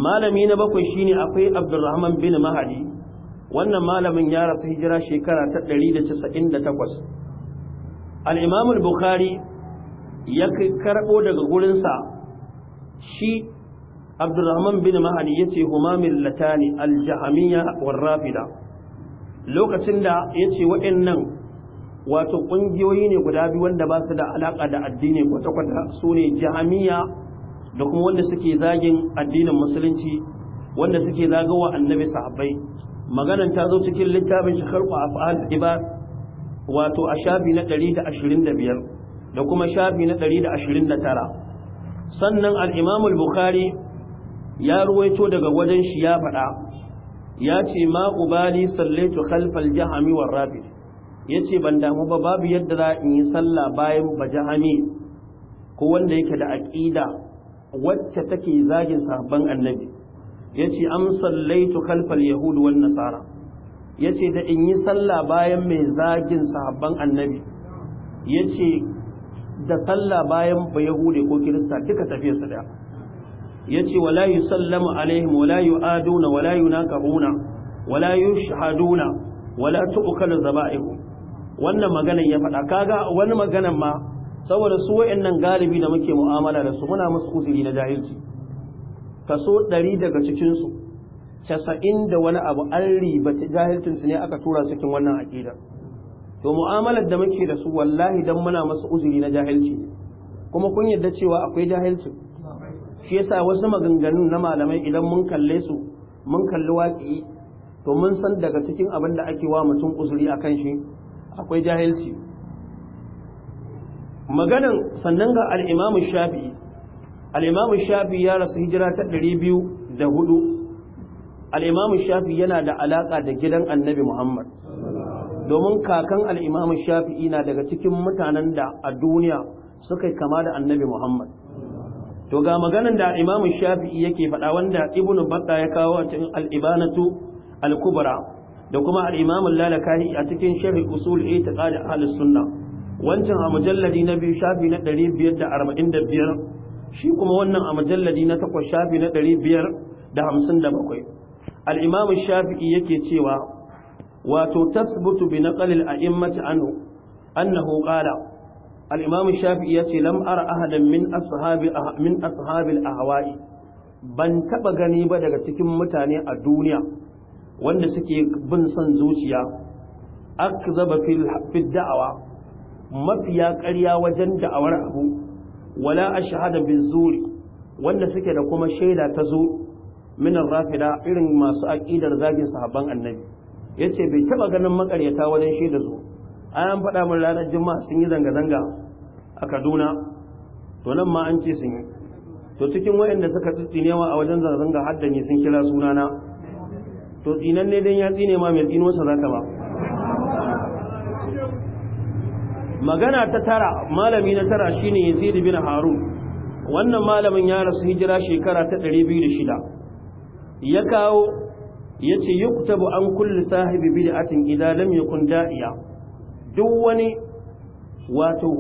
malami na bakwai shine akwai Abdurrahman bin Mahdi wannan malamin ya rasu hijira shekara ta 198 al-Imam al-Bukhari ya karbo daga gurinsa shi abdurrahman bin Mahadi ya ce huma millatani aljahamiya war rafida lokacin da ya ce waɗannan wato ƙungiyoyi ne guda biyu wanda ba su da alaƙa da addini kwata-kwata jahamiya da kuma wanda suke zagin addinin musulunci wanda suke zagawa annabi sahabbai maganan ta zo cikin littafin shi karɓa a fa'al ibad wato a shafi na 125 da kuma shafi na 129 sannan al-imamul bukhari ya ruwaito daga wajen shi ya faɗa ya ce ma ubali sallaitu khalfal jahami war Ya yace ban damu ba babu yadda za in yi sallah bayan ba jahami ko wanda yake da aqida wacce take zagin sahabban annabi yace am sallaitu khalfal yahud wan nasara yace da in yi sallah bayan mai zagin sahabban annabi yace da sallah bayan ba yahude ko kirista duka tafiye su da yace wala yusallamu alaihim wala yu'aduna wala yunaqabuna wala yushhaduna wala tu'kalu zaba'ihu wannan maganan ya faɗa kaga wani maganan ma saboda su wayannan galibi da muke mu'amala da su muna musu uzuri na jahilci kaso 100 daga cikin su 90 da wani abu an riba jahilcin su ne aka tura su cikin wannan aqida to mu'amalar da muke da su wallahi dan muna musu uzuri na jahilci kuma kun yarda cewa akwai jahilcin shi yasa wasu maganganun na malamai idan mun kalle su mun kalli waƙi to mun san daga cikin abin da ake wa mutum uzuri a kan shi akwai jahilci maganan sannan ga al'imamu shafi'i al'imamu shafi'i ya rasu hijira ta ɗari biyu da hudu al'imamu shafi'i yana da alaƙa da gidan annabi muhammad domin kakan al'imamu shafi'i na daga cikin mutanen da a duniya suka kama da annabi muhammad to ga maganan da imamu shafi'i yake faɗa wanda ibnu batta ya kawo a cikin al-ibanatu al-kubra da kuma al-imamu lalakahi a cikin sharh usul i'tiqad ahlus sunna wancan a mujalladi na biyu shafi na 545 shi kuma wannan a mujalladi na takwas shafi na 557 al-imamu shafi'i yake cewa wato tasbutu bi naqli al-a'immati anhu annahu qala al shafi'i yace lam ara ahadan min ashabi ah, min ashabil ban taba gani ba daga cikin mutane a duniya wanda suke bin son zuciya akzaba fil fil da'awa mafiya ƙarya wajen da'awar abu wala ashhadu bizuri wanda suke da kuma shaida ta zo min rafida irin masu aqidar zagin sahabban annabi yace bai taba ganin makaryata wajen shaida zo an faɗa min ranar juma'a sun yi zanga-zanga a kaduna to nan ma an ce sun yi to cikin waɗanda suka yawa a wajen zanga-zanga haddani sun kira sunana to dinan ne dan ya tsine ma mai sa za ta ba magana ta tara malami na tara shine yazid bin harun wannan malamin ya rasu hijira shekara ta 206 ya kawo yace yuktabu an kulli sahibi bid'atin idan lam yakun da'iya duk wani wato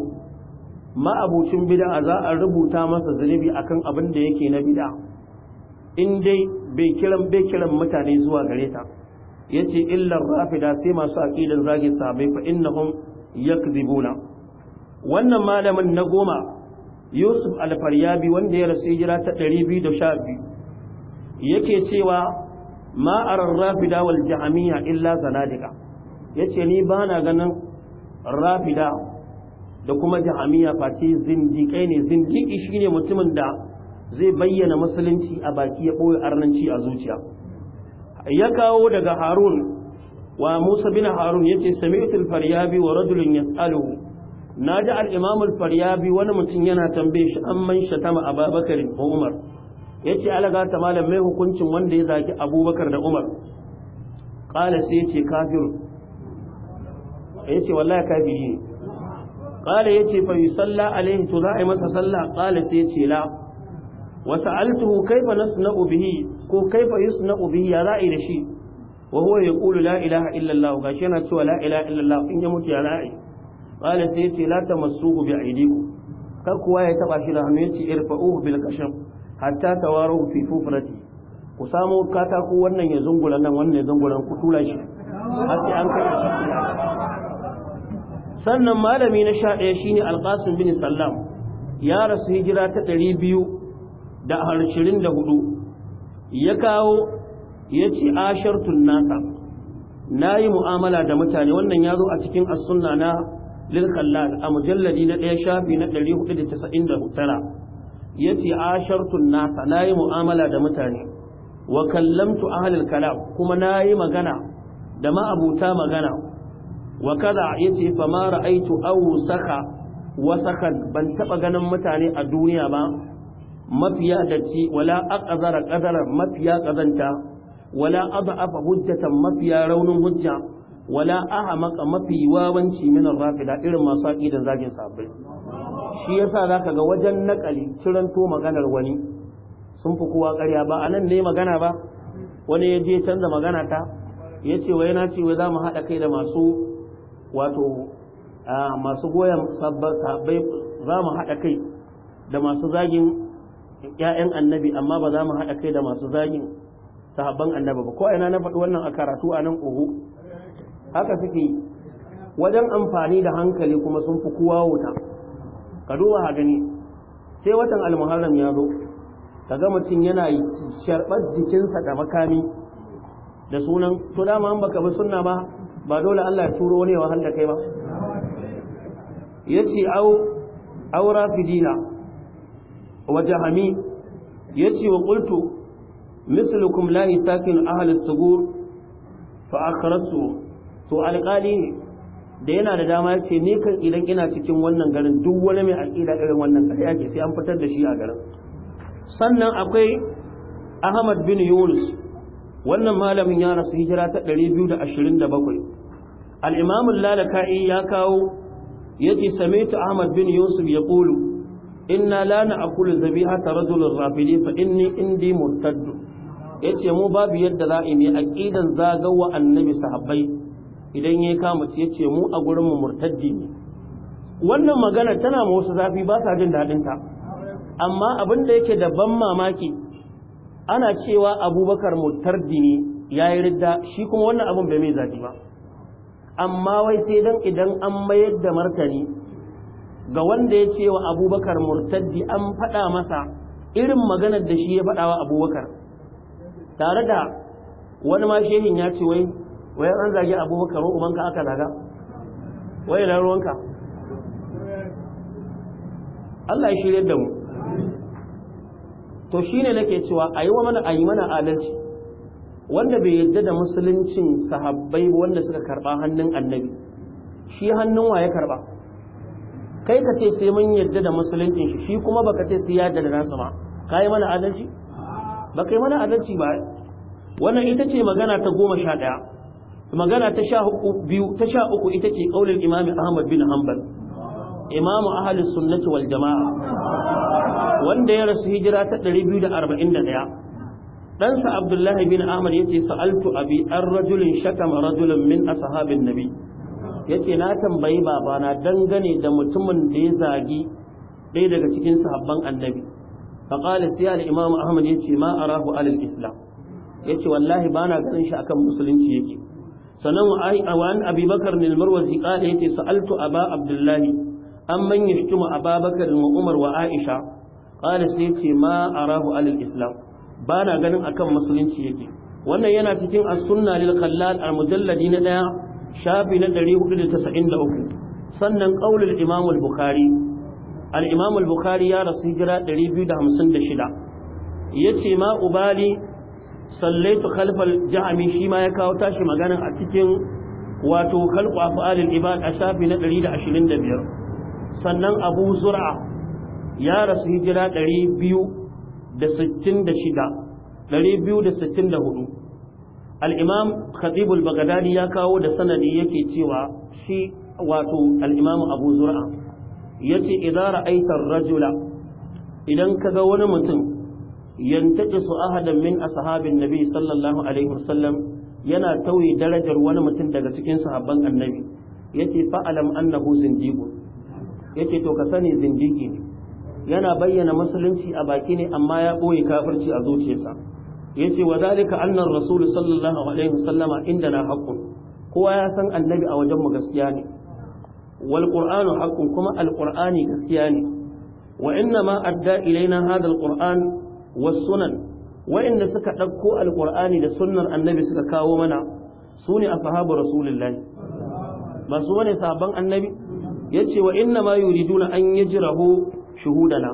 ma'abucin bid'a za a rubuta masa zunubi akan abin da yake na bid'a in dai bai kiran bai kiran mutane zuwa gare ta yace illa rafida sai masu aqidan zagi sabai fa innahum yakdhibuna wannan malamin na goma Yusuf alfaryabi wanda ya rasu hijira ta 212 yake cewa ma arar rafida wal illa zanadika yace ni bana ganin rafida da kuma jahamiya face zindiƙai ne zindiƙi shine mutumin da zai bayyana musulunci a baki ya ɓoye arnanci a zuciya ya kawo daga harun wa musa bin harun yace ce sami'atul faryabi wa rajulun yas'aluhu na ji imamul faryabi wani mutum yana tambaye shi an man shatama a babakarin ko umar ya alaga ta malam mai hukuncin wanda ya zaki abubakar da umar qala sai ce kafir yace wallahi kafiri ne qala yace fa yusalla alaihi to za a yi masa sallah qala sai yace la wa sa'altuhu kaifa nasna'u bihi ko kaifa yusna'u bihi ya ra'i da shi wa huwa yaqulu la ilaha illa allah gashi yana cewa la ilaha illa allah in ya mutu ya ra'i qala sai ya yace la tamassuhu bi aydikum kar kuwa ya taba shi da hannu yace irfa'uhu bil kashaf hatta tawaruhu fi fufrati ku samu katako wannan ya zungula nan wannan ya zungulan ku tura shi har sai an kai sannan malami na sha ɗaya shine alƙasun bin sallam ya rasu hijira ta ɗari biyu da harshirin da hudu ya kawo ya ce ashartun nasa na yi mu'amala da mutane wannan ya zo a cikin asunna na lilkallal a mujalladi na ɗaya shafi na ɗari hudu da casa'in da tara ya ce ashartun nasa na yi mu'amala da mutane wa kallamtu ahalil kalam kuma na yi magana da ma'abuta magana wa kada yace fa ma aitu aw saka wasakan ban taba ganin mutane a duniya ba mafiya datti wala aqzara qadara mafiya ƙazanta wala adhafa hujjatan mafiya raunin hujja wala ahmaqa mafi wawanci min rafida irin masu aqidan zagin sabbai shi yasa zaka ga wajen nakali ciranto maganar wani sun fi kowa ƙarya ba anan ne magana ba wani ya je canza magana ta yace wai na ce wai za mu haɗa kai da masu wato masu goyon sabbai za mu haɗa kai da masu zagin ‘ya'yan annabi amma ba za mu haɗa kai da masu zagin sahabban annabi ba ko ina na faɗi wannan a karatu a nan uhu haka suke wajen amfani da hankali kuma sun fi kowa wuta ka duba ha gani sai watan almuharram ya zo ka ga mutum yana sharɓar jikinsa da makami da sunan to dama an baka bi sunna ba ba dole Allah ya turo wani wahal kai ba yace au aura fidina wa jahami yace wa qultu mislukum la yasakin ahli sugur fa akhrasu to alqali da yana da dama yace ni kan idan ina cikin wannan garin duk wani mai aqida irin wannan kai yake sai an fitar da shi a garin sannan akwai Ahmad bin Yunus wannan malamin ya rasu hijira ta 227 الإمام اللالكائي يكاو يتي سميت أحمد بن يوسف يقول إنا لا نأكل زبيحة رجل الرافدي فإني إندي مرتد يتي مو باب يد لائمي أكيدا زاقوا النبي صحبي إذن يكامت يتي مو أقرم مرتدين wannan magana tana ma wasu zafi ba sa jin daɗinta amma abin da yake da ban mamaki ana cewa abubakar mutardi ne ya yi ridda shi kuma wannan abin bai mai zafi ba amma wai sai dan idan an mayar da martani ga wanda ya ce wa abubakar murtaddi an faɗa masa irin maganar da shi ya faɗa wa abubakar tare da wani ma shehin ya ce wai wai an zage abubakar ubanka aka daga, wai na ruwanka Allah ya shirya da mu to shine nake cewa ayi wa mana ayi mana adalci wanda bai yadda da musuluncin sahabbai wanda suka karba hannun annabi shi hannun wa ya karba kai ka ce sai mun yadda da musuluncin shi shi kuma baka ce sai ya yadda da nasu ba kai mana adalci ba kai mana adalci ba wannan ita ce magana ta goma sha ɗaya magana ta sha biyu ta sha uku ita ce ƙaunar imami ahmad bin hanbal imamu ahalus sunnati wal jama'a wanda ya rasu hijira ta 241 ɗansa abdullahi bin ahmad ya ce sa'altu abi an rajulin shakam rajulin min ashabin nabi ya ce na tambayi babana dangane da mutumin da ya zagi ɗaya daga cikin sahabban annabi Ba faƙali sai Imam ahmad ya ce ma a rahu alil islam ya ce wallahi ba na ganin shi akan musulunci yake sannan wa'an abubakar ne marwazi ƙala ya ce sa'altu ba abdullahi an man yi a Babakar wa umar wa aisha ƙali sai ce ma a rahu alil islam ba na ganin akan musulunci yake wannan yana cikin as-sunna lil khallal al-mujalladi na daya shafi na 493 sannan qaulul imam al-bukhari al-imam al-bukhari ya rasu hijira 256 yace ma ubali sallaitu khalfal ja'mi shi ma ya kawo tashi maganan a cikin wato khalqu af'alil ibad a shafi na 125 sannan abu zur'a ya rasu hijira 200 da sittin da shida ɗari biyu da sittin da hudu al'imam khatibul bagadadi ya kawo da sanadi yake cewa shi wato al'imam abu zura ya ce idara aitar rajula idan ka ga wani mutum yantaƙi su ahadan min a sahabin nabi sallallahu alaihi wasallam yana tauye darajar wani mutum daga cikin sahabban annabi yace fa'alam annahu zindiqun yace to ka sani zindigi ne yana bayyana musulunci a baki ne amma ya ɓoye kafirci a zuciyarsa ya ce wa zalika annan rasul sallallahu alaihi wasallama inda na haƙƙun kowa ya san annabi a wajenmu gaskiya ne wal qur'anu haƙƙun kuma al qur'ani gaskiya ne wa inna ma adda ilaina hadha al qur'an was sunan Wa wa'inda suka dauko al alƙur'ani da sunnar annabi suka kawo mana su ne a sahabu rasulullahi masu wane sabon annabi ya ce wa inna ma yuri duna an yi jiraho shuhudana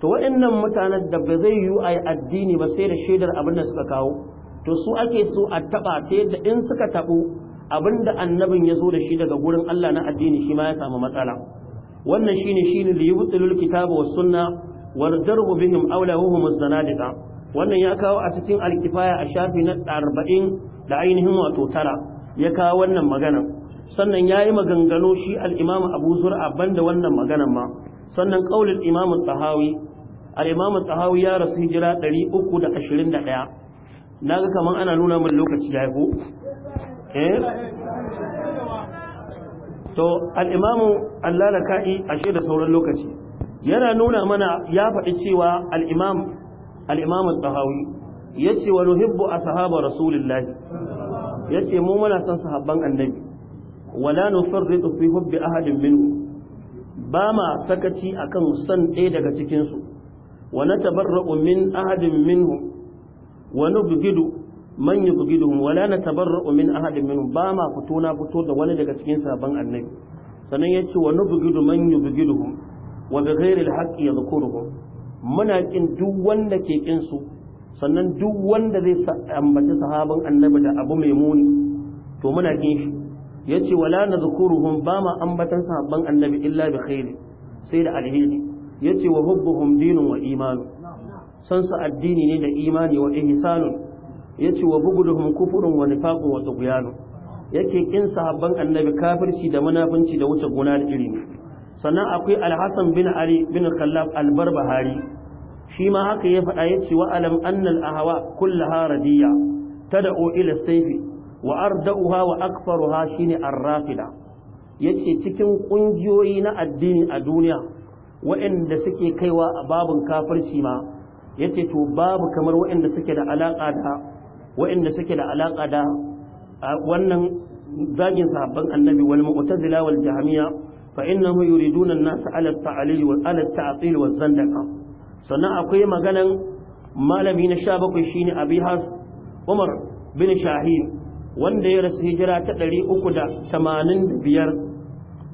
to waɗannan mutanen da ba zai yi a addini ba sai da shaidar abin da suka kawo to su ake so a taɓa ta yadda in suka taɓo abin da annabin ya zo da shi daga gurin Allah na addini shi ma ya samu matsala wannan shine shine li yubtilul kitabu was sunna wal darbu bihim awlahum az-zanadiqa wannan ya kawo a cikin alkifaya a shafi na 40 da ainihin wato tara ya kawo wannan magana sannan yayi maganganu shi al-imam Abu Zur'a banda wannan maganan ma sannan qaulul imamun tsahawi tahawi al-imam ya rasu hijira 321 ga kaman ana nuna min lokaci ya go eh to al-imam ka’i ashe da sauran lokaci yana nuna mana ya faɗi cewa al tsahawi al ce wani tahawi a sahaba nuhibbu ya ce mu muna son sahabban annabi wala nufarritu fi hubbi ahadin minhum ba ma sakaci akan san ɗaya daga cikinsu wa na tabarra'u min ahadin minhu wa bugidu man bugidu wa na natabarra'u min ahadin minhu, ba ma fito na fito da wani daga cikin sabon annabi sanan yace wa bugidu man yubghiduhum wa bighairi alhaqqi yadhkuruhum muna kin duk wanda ke kin sannan duk wanda zai ambaci sahaban annabi da abu mai muni to muna kin shi yace wala nadhkuruhum ba ma ambatan sahabban annabi illa bi khairi sai da alheri ce wa hubbuhum dinun wa imanu san su addini ne da imani wa Ya ce wa bughduhum kufrun wa nifaqun wa tughyanun yake kin sahabban annabi kafirci da munafinci da wuce gona da iri sannan akwai alhassan bin ali bin khallaf albarbahari shi ma haka ya faɗa ya ce wa'alam annal ahawa kullaha radiyya tad'u ila sayfi wa arda'uha wa akfaruha shine ar-rafida yace cikin kungiyoyi na addini a duniya waɗanda suke kaiwa a babun kafirci ma yace to babu kamar waɗanda suke da alaka da waɗanda suke da alaka da wannan zagin sahabban annabi wal mu'tazila wal jahmiya fa innahu yuriduna an-nas ala at-ta'lil wa ala at-ta'til wa sannan akwai maganan malami na 17 shine abi has umar bin shahid wanda ya rasu hijira ta 385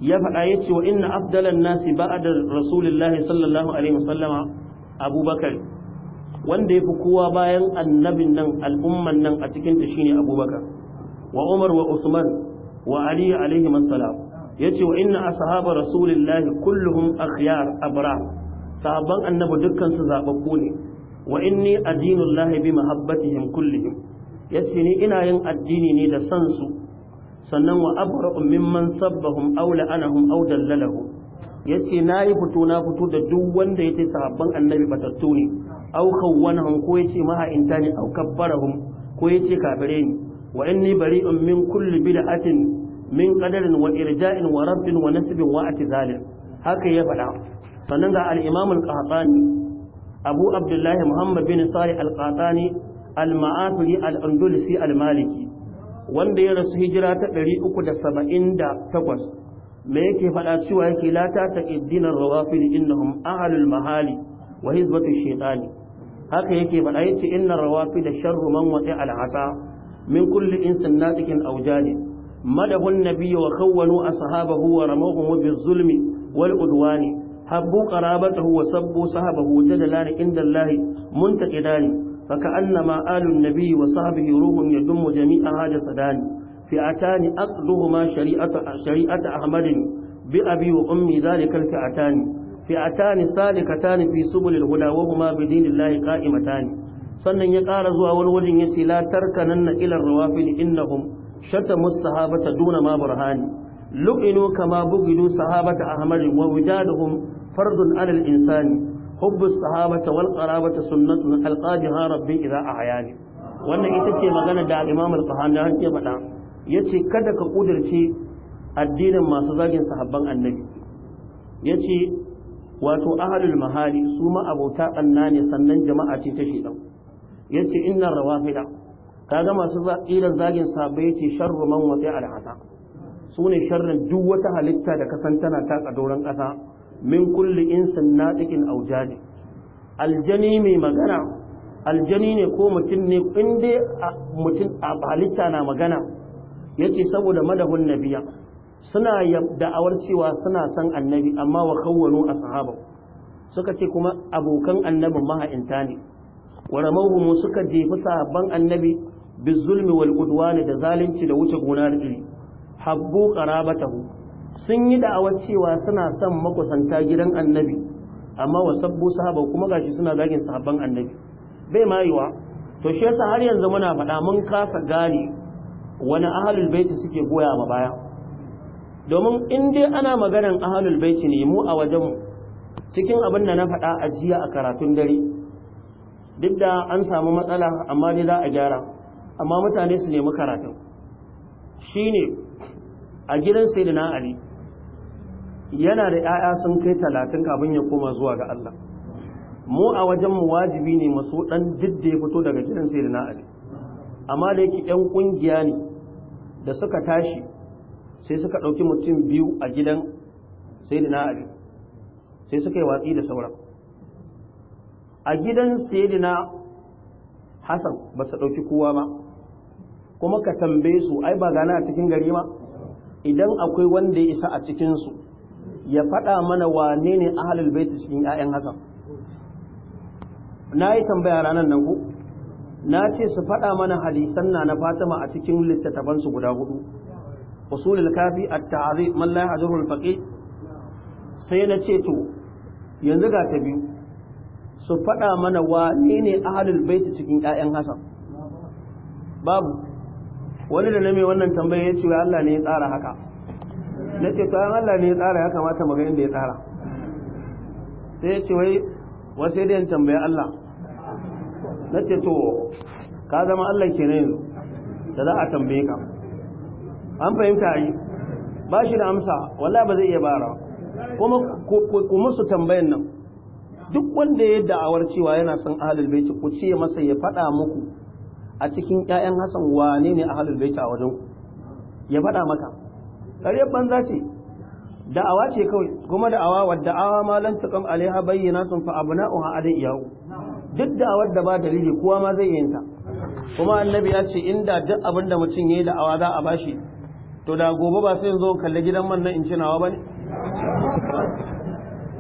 ya faɗa ya ce wa inna afdalan nasi ba'da rasulillahi sallallahu alaihi wasallama abubakar wanda ya fi kowa bayan annabin nan al'umman nan a cikinta ta shine abubakar wa umar wa usman wa ali alaihi masalam ya ce wa inna ashaba rasulillahi kulluhum akhyar abra sahabban annabi dukkan su zababbu ne wa inni adinullahi bi mahabbatihim kullihim ya ce ni ina yin addini ne da san su sannan wa abra'u mimman sabbahum aw la'anahum aw dallalahum yace nayi fito na fito da duk wanda yace sahabban annabi batattu ne wani khawwanahum ko yace ne a aw kabbarahum ko yace kafire ne wa bari in min kulli bid'atin min qadarin wa irja'in wa rabbin wa nasbin wa atizalin haka ya faɗa sannan ga al-imam al-qahtani abu abdullahi muhammad bin sari al-qahtani al-ma'aturi al-andalusi al-maliki wanda ya rasu hijira ta 378 me yake faɗa cewa yake la ta taqiddinar rawafil innahum ahlul mahali wa hizbatu shaytani haka yake faɗa yace innar rawafil sharru man wa'i al-asa min kulli insin natiqin aw jani madahun nabiy wa khawwanu ashabahu wa ramuhum bizulmi wal udwani habbu qarabatahu wa sabbu sahabahu tadalani inda Allah muntaqidani فكأنما آل النبي وصحبه روح يضم جميع هذا صداني فئتان أصلهما شريعة شريعة أحمد بأبي وأمي ذلك الفئتان فئتان سالكتان في سبل الهدى وهما بدين الله قائمتان sannan ya ƙara zuwa wani wajen ya ce la tarkananna ila rawafin innahum shatamu sahabata duna ma burhani lu'inu kama bugidu sahabata ahmad wa wijadahum fardun alal insani hubbu sahabata wal qarabata sunnatu alqadiha rabbi idza ahyani wannan ita ce magana da imam al-qahani har ke faɗa yace kada ka kudirce addinin masu zagin sahabban annabi yace wato ahlul mahali su ma abota kanna sannan jama'a ce ta shedan yace innar rawafida kaga masu zakiran zagin sahabbai yace sharru man wati al-hasa sune sharrin duk wata halitta da kasan tana taka tsadoran ƙasa. min kulli insan natiqin aw aljani mai magana aljani ne ko mutum ne inda a halitta na magana yace saboda madahun nabiya suna da'awar cewa suna san annabi amma wa a ashabu suka ce kuma abokan annabin maha'inta ne wa mu suka jefi sahabban annabi bizulmi wal da zalunci da wuce gona da iri habbu qarabatahu sun yi da'awar cewa suna son makusanta gidan annabi amma wasabbu sahaba kuma gashi suna zagin sahabban annabi bai ma yiwa to shi yasa har yanzu muna faɗa mun kasa gane wani ahlul baiti suke goya ma baya domin in dai ana maganan ahlul baiti ne mu a wajenmu cikin abin da na faɗa a jiya a karatun dare duk da an samu matsala amma dai za a gyara amma mutane su nemi karatun shine a gidan sayyidina ali yana da 'ya'ya sun kai talatin kafin ya koma zuwa ga Allah mu a wajen mu wajibi ne maso dan didda ya fito daga gidan sai na Ali amma da yake yan ƙungiya ne da suka tashi sai suka ɗauki mutum biyu a gidan sai na Ali sai suka yi watsi da sauran a gidan na Hassan ba su ɗauki kowa ba kuma ka tambaye su ai ba gana a cikin gari ma idan akwai wanda ya isa a cikinsu ya faɗa mana wane ne ahalul baiti cikin 'ya'yan Hassan na yi tambaya ranar nan ku na ce su faɗa mana hadisan na na Fatima a cikin littattafan su guda hudu usulul kafi at-ta'zib man la yahzurul sai na ce to yanzu ga ta biyu su faɗa mana wane ne ahalul baiti cikin 'ya'yan Hassan babu wani da na mai wannan tambaya ya ce Allah ne ya tsara haka na ce kayan Allah ne ya tsara ya kamata mu ga inda ya tsara sai ya ce wai wasu yadda yin tambaya Allah na ce to ka zama Allah ke yanzu da za a tambaye ka an fahimta yi ba shi da amsa wala ba zai iya bara kuma ku musu tambayan nan duk wanda ya da'awar cewa yana son ahalul baiti ku ce masa ya faɗa muku a cikin ƴaƴan Hassan wane ne ahalul baiti a wajen ku ya faɗa maka ƙaryar banza ce da'awa ce kawai kuma da'awa wadda awa ma lan tuqam alaiha sun fa abna'uha adiyahu duk da'awar da ba dalili kowa ma zai yinta kuma annabi ya ce inda duk abin da mutum yayi da'awa za a bashi to da gobe ba sai zo kalle gidan man nan in ci nawa bane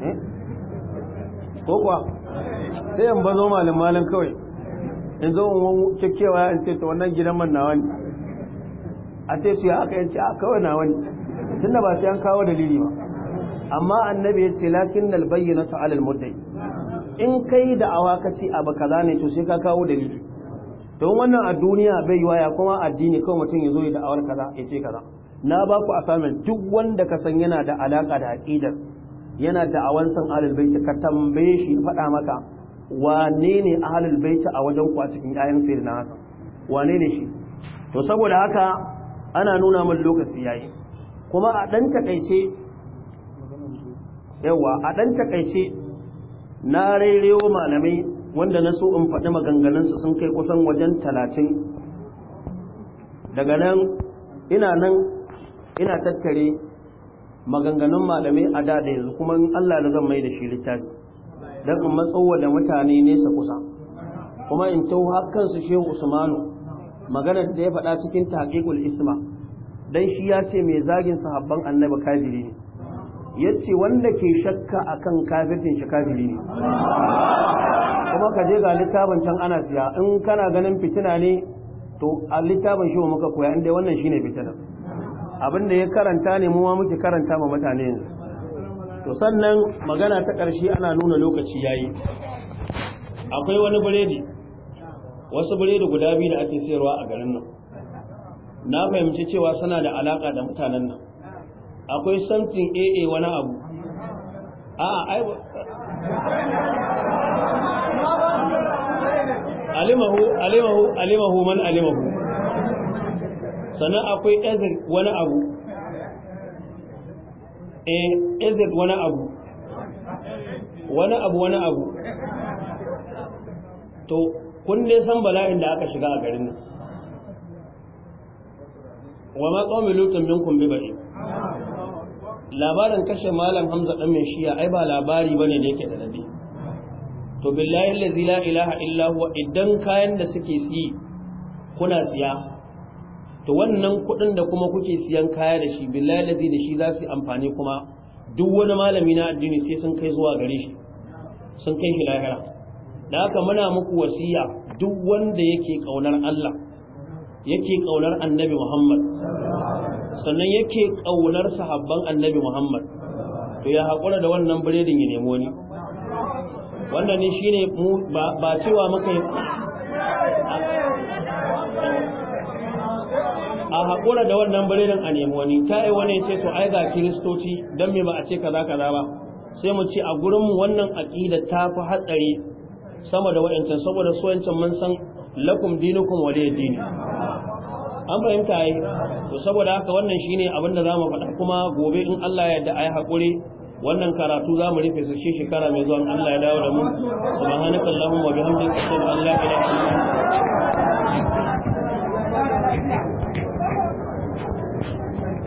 eh? ko kuwa sai in bazo malam malam kawai in zo in kekkewa in ce to wannan gidan man nawa ne a sai su ya haka yance a kawai na wani tun da ba su yan kawo dalili ba amma annabi ya ce lakin da bayyana na alal muddai in kai da awa ka ce abu kaza ne to sai ka kawo dalili don wannan a duniya bai yi waya kuma addini kawai mutum ya zo ya da'awar kaza ya ce kaza na ba ku asamin duk wanda ka san yana da alaka da aqidar yana da'awan san alal baiti ka tambaye shi faɗa maka wane ne ahlul baiti a wajen ku a cikin da sayyidina hasan wane ne shi to saboda haka ana nuna min lokaci yayi kuma a dan takaice yawa a dan takaice na rairewa malamai wanda na so in faɗi maganganunsu sun kai kusan wajen talatin daga nan ina nan ina tattare maganganun malamai a da da yanzu kuma in Allah da zan mai da shi littafi don in matsowa da mutane nesa kusa kuma in tau har kansu shehu usmanu maganar da ya faɗa cikin taqiqul isma dan shi ya ce mai zagin sahabban annabi kafiri ne yace wanda ke shakka akan kafirin shi kafiri ne kuma ka je ga littafin can ana siya in kana ganin fitina ne to a littafin shi muka koya inda wannan shine fitina abin da ya karanta ne mu ma muke karanta ma mutane yanzu to sannan magana ta ƙarshe ana nuna lokaci yayi akwai wani biredi wasu biredi guda biyu da ake sayarwa a garin nan na fahimci cewa suna da alaka da mutanen nan akwai something aa wani abu a ai alimahu alimahu alimahu man alimahu sannan akwai ezek wani abu eh, ezek wani abu wani abu wani abu to kun dai san bala'in da aka shiga a garin nan wa ma qawmi lutun minkum bi ba'i labarin kashe malam hamza dan mai shiya ai ba labari bane da yake da nabi to billahi allazi la ilaha illa huwa idan kayan da suke siyi kuna siya to wannan kuɗin da kuma kuke siyan kaya da shi billahi allazi da shi za su amfani kuma duk wani malami na addini sai sun kai zuwa gare shi sun kai shi lahira da haka muna muku wasiya duk wanda yake kaunar Allah yake kaunar annabi Muhammad sannan yake kaunar sahabban annabi Muhammad to ya haƙura da wannan biredin ya nemo ni wannan ne shine mu ba cewa muka yi a haƙura da wannan biredin a nemo ni ta yi wani ce to ai ga kiristoci don me ba a ce kaza kaza ba sai mu ce a gurinmu wannan aqida ta fi hatsari sama da wayancan saboda su wayancan mun san lakum dinukum waliy dini an fahimta yi to saboda haka wannan shine abin da zamu faɗa kuma gobe in Allah ya yarda ayi hakuri wannan karatu zamu rufe su shi shekara mai zuwa Allah ya dawo da mu subhanakallahumma wa bihamdika ashhadu an la ilaha illa anta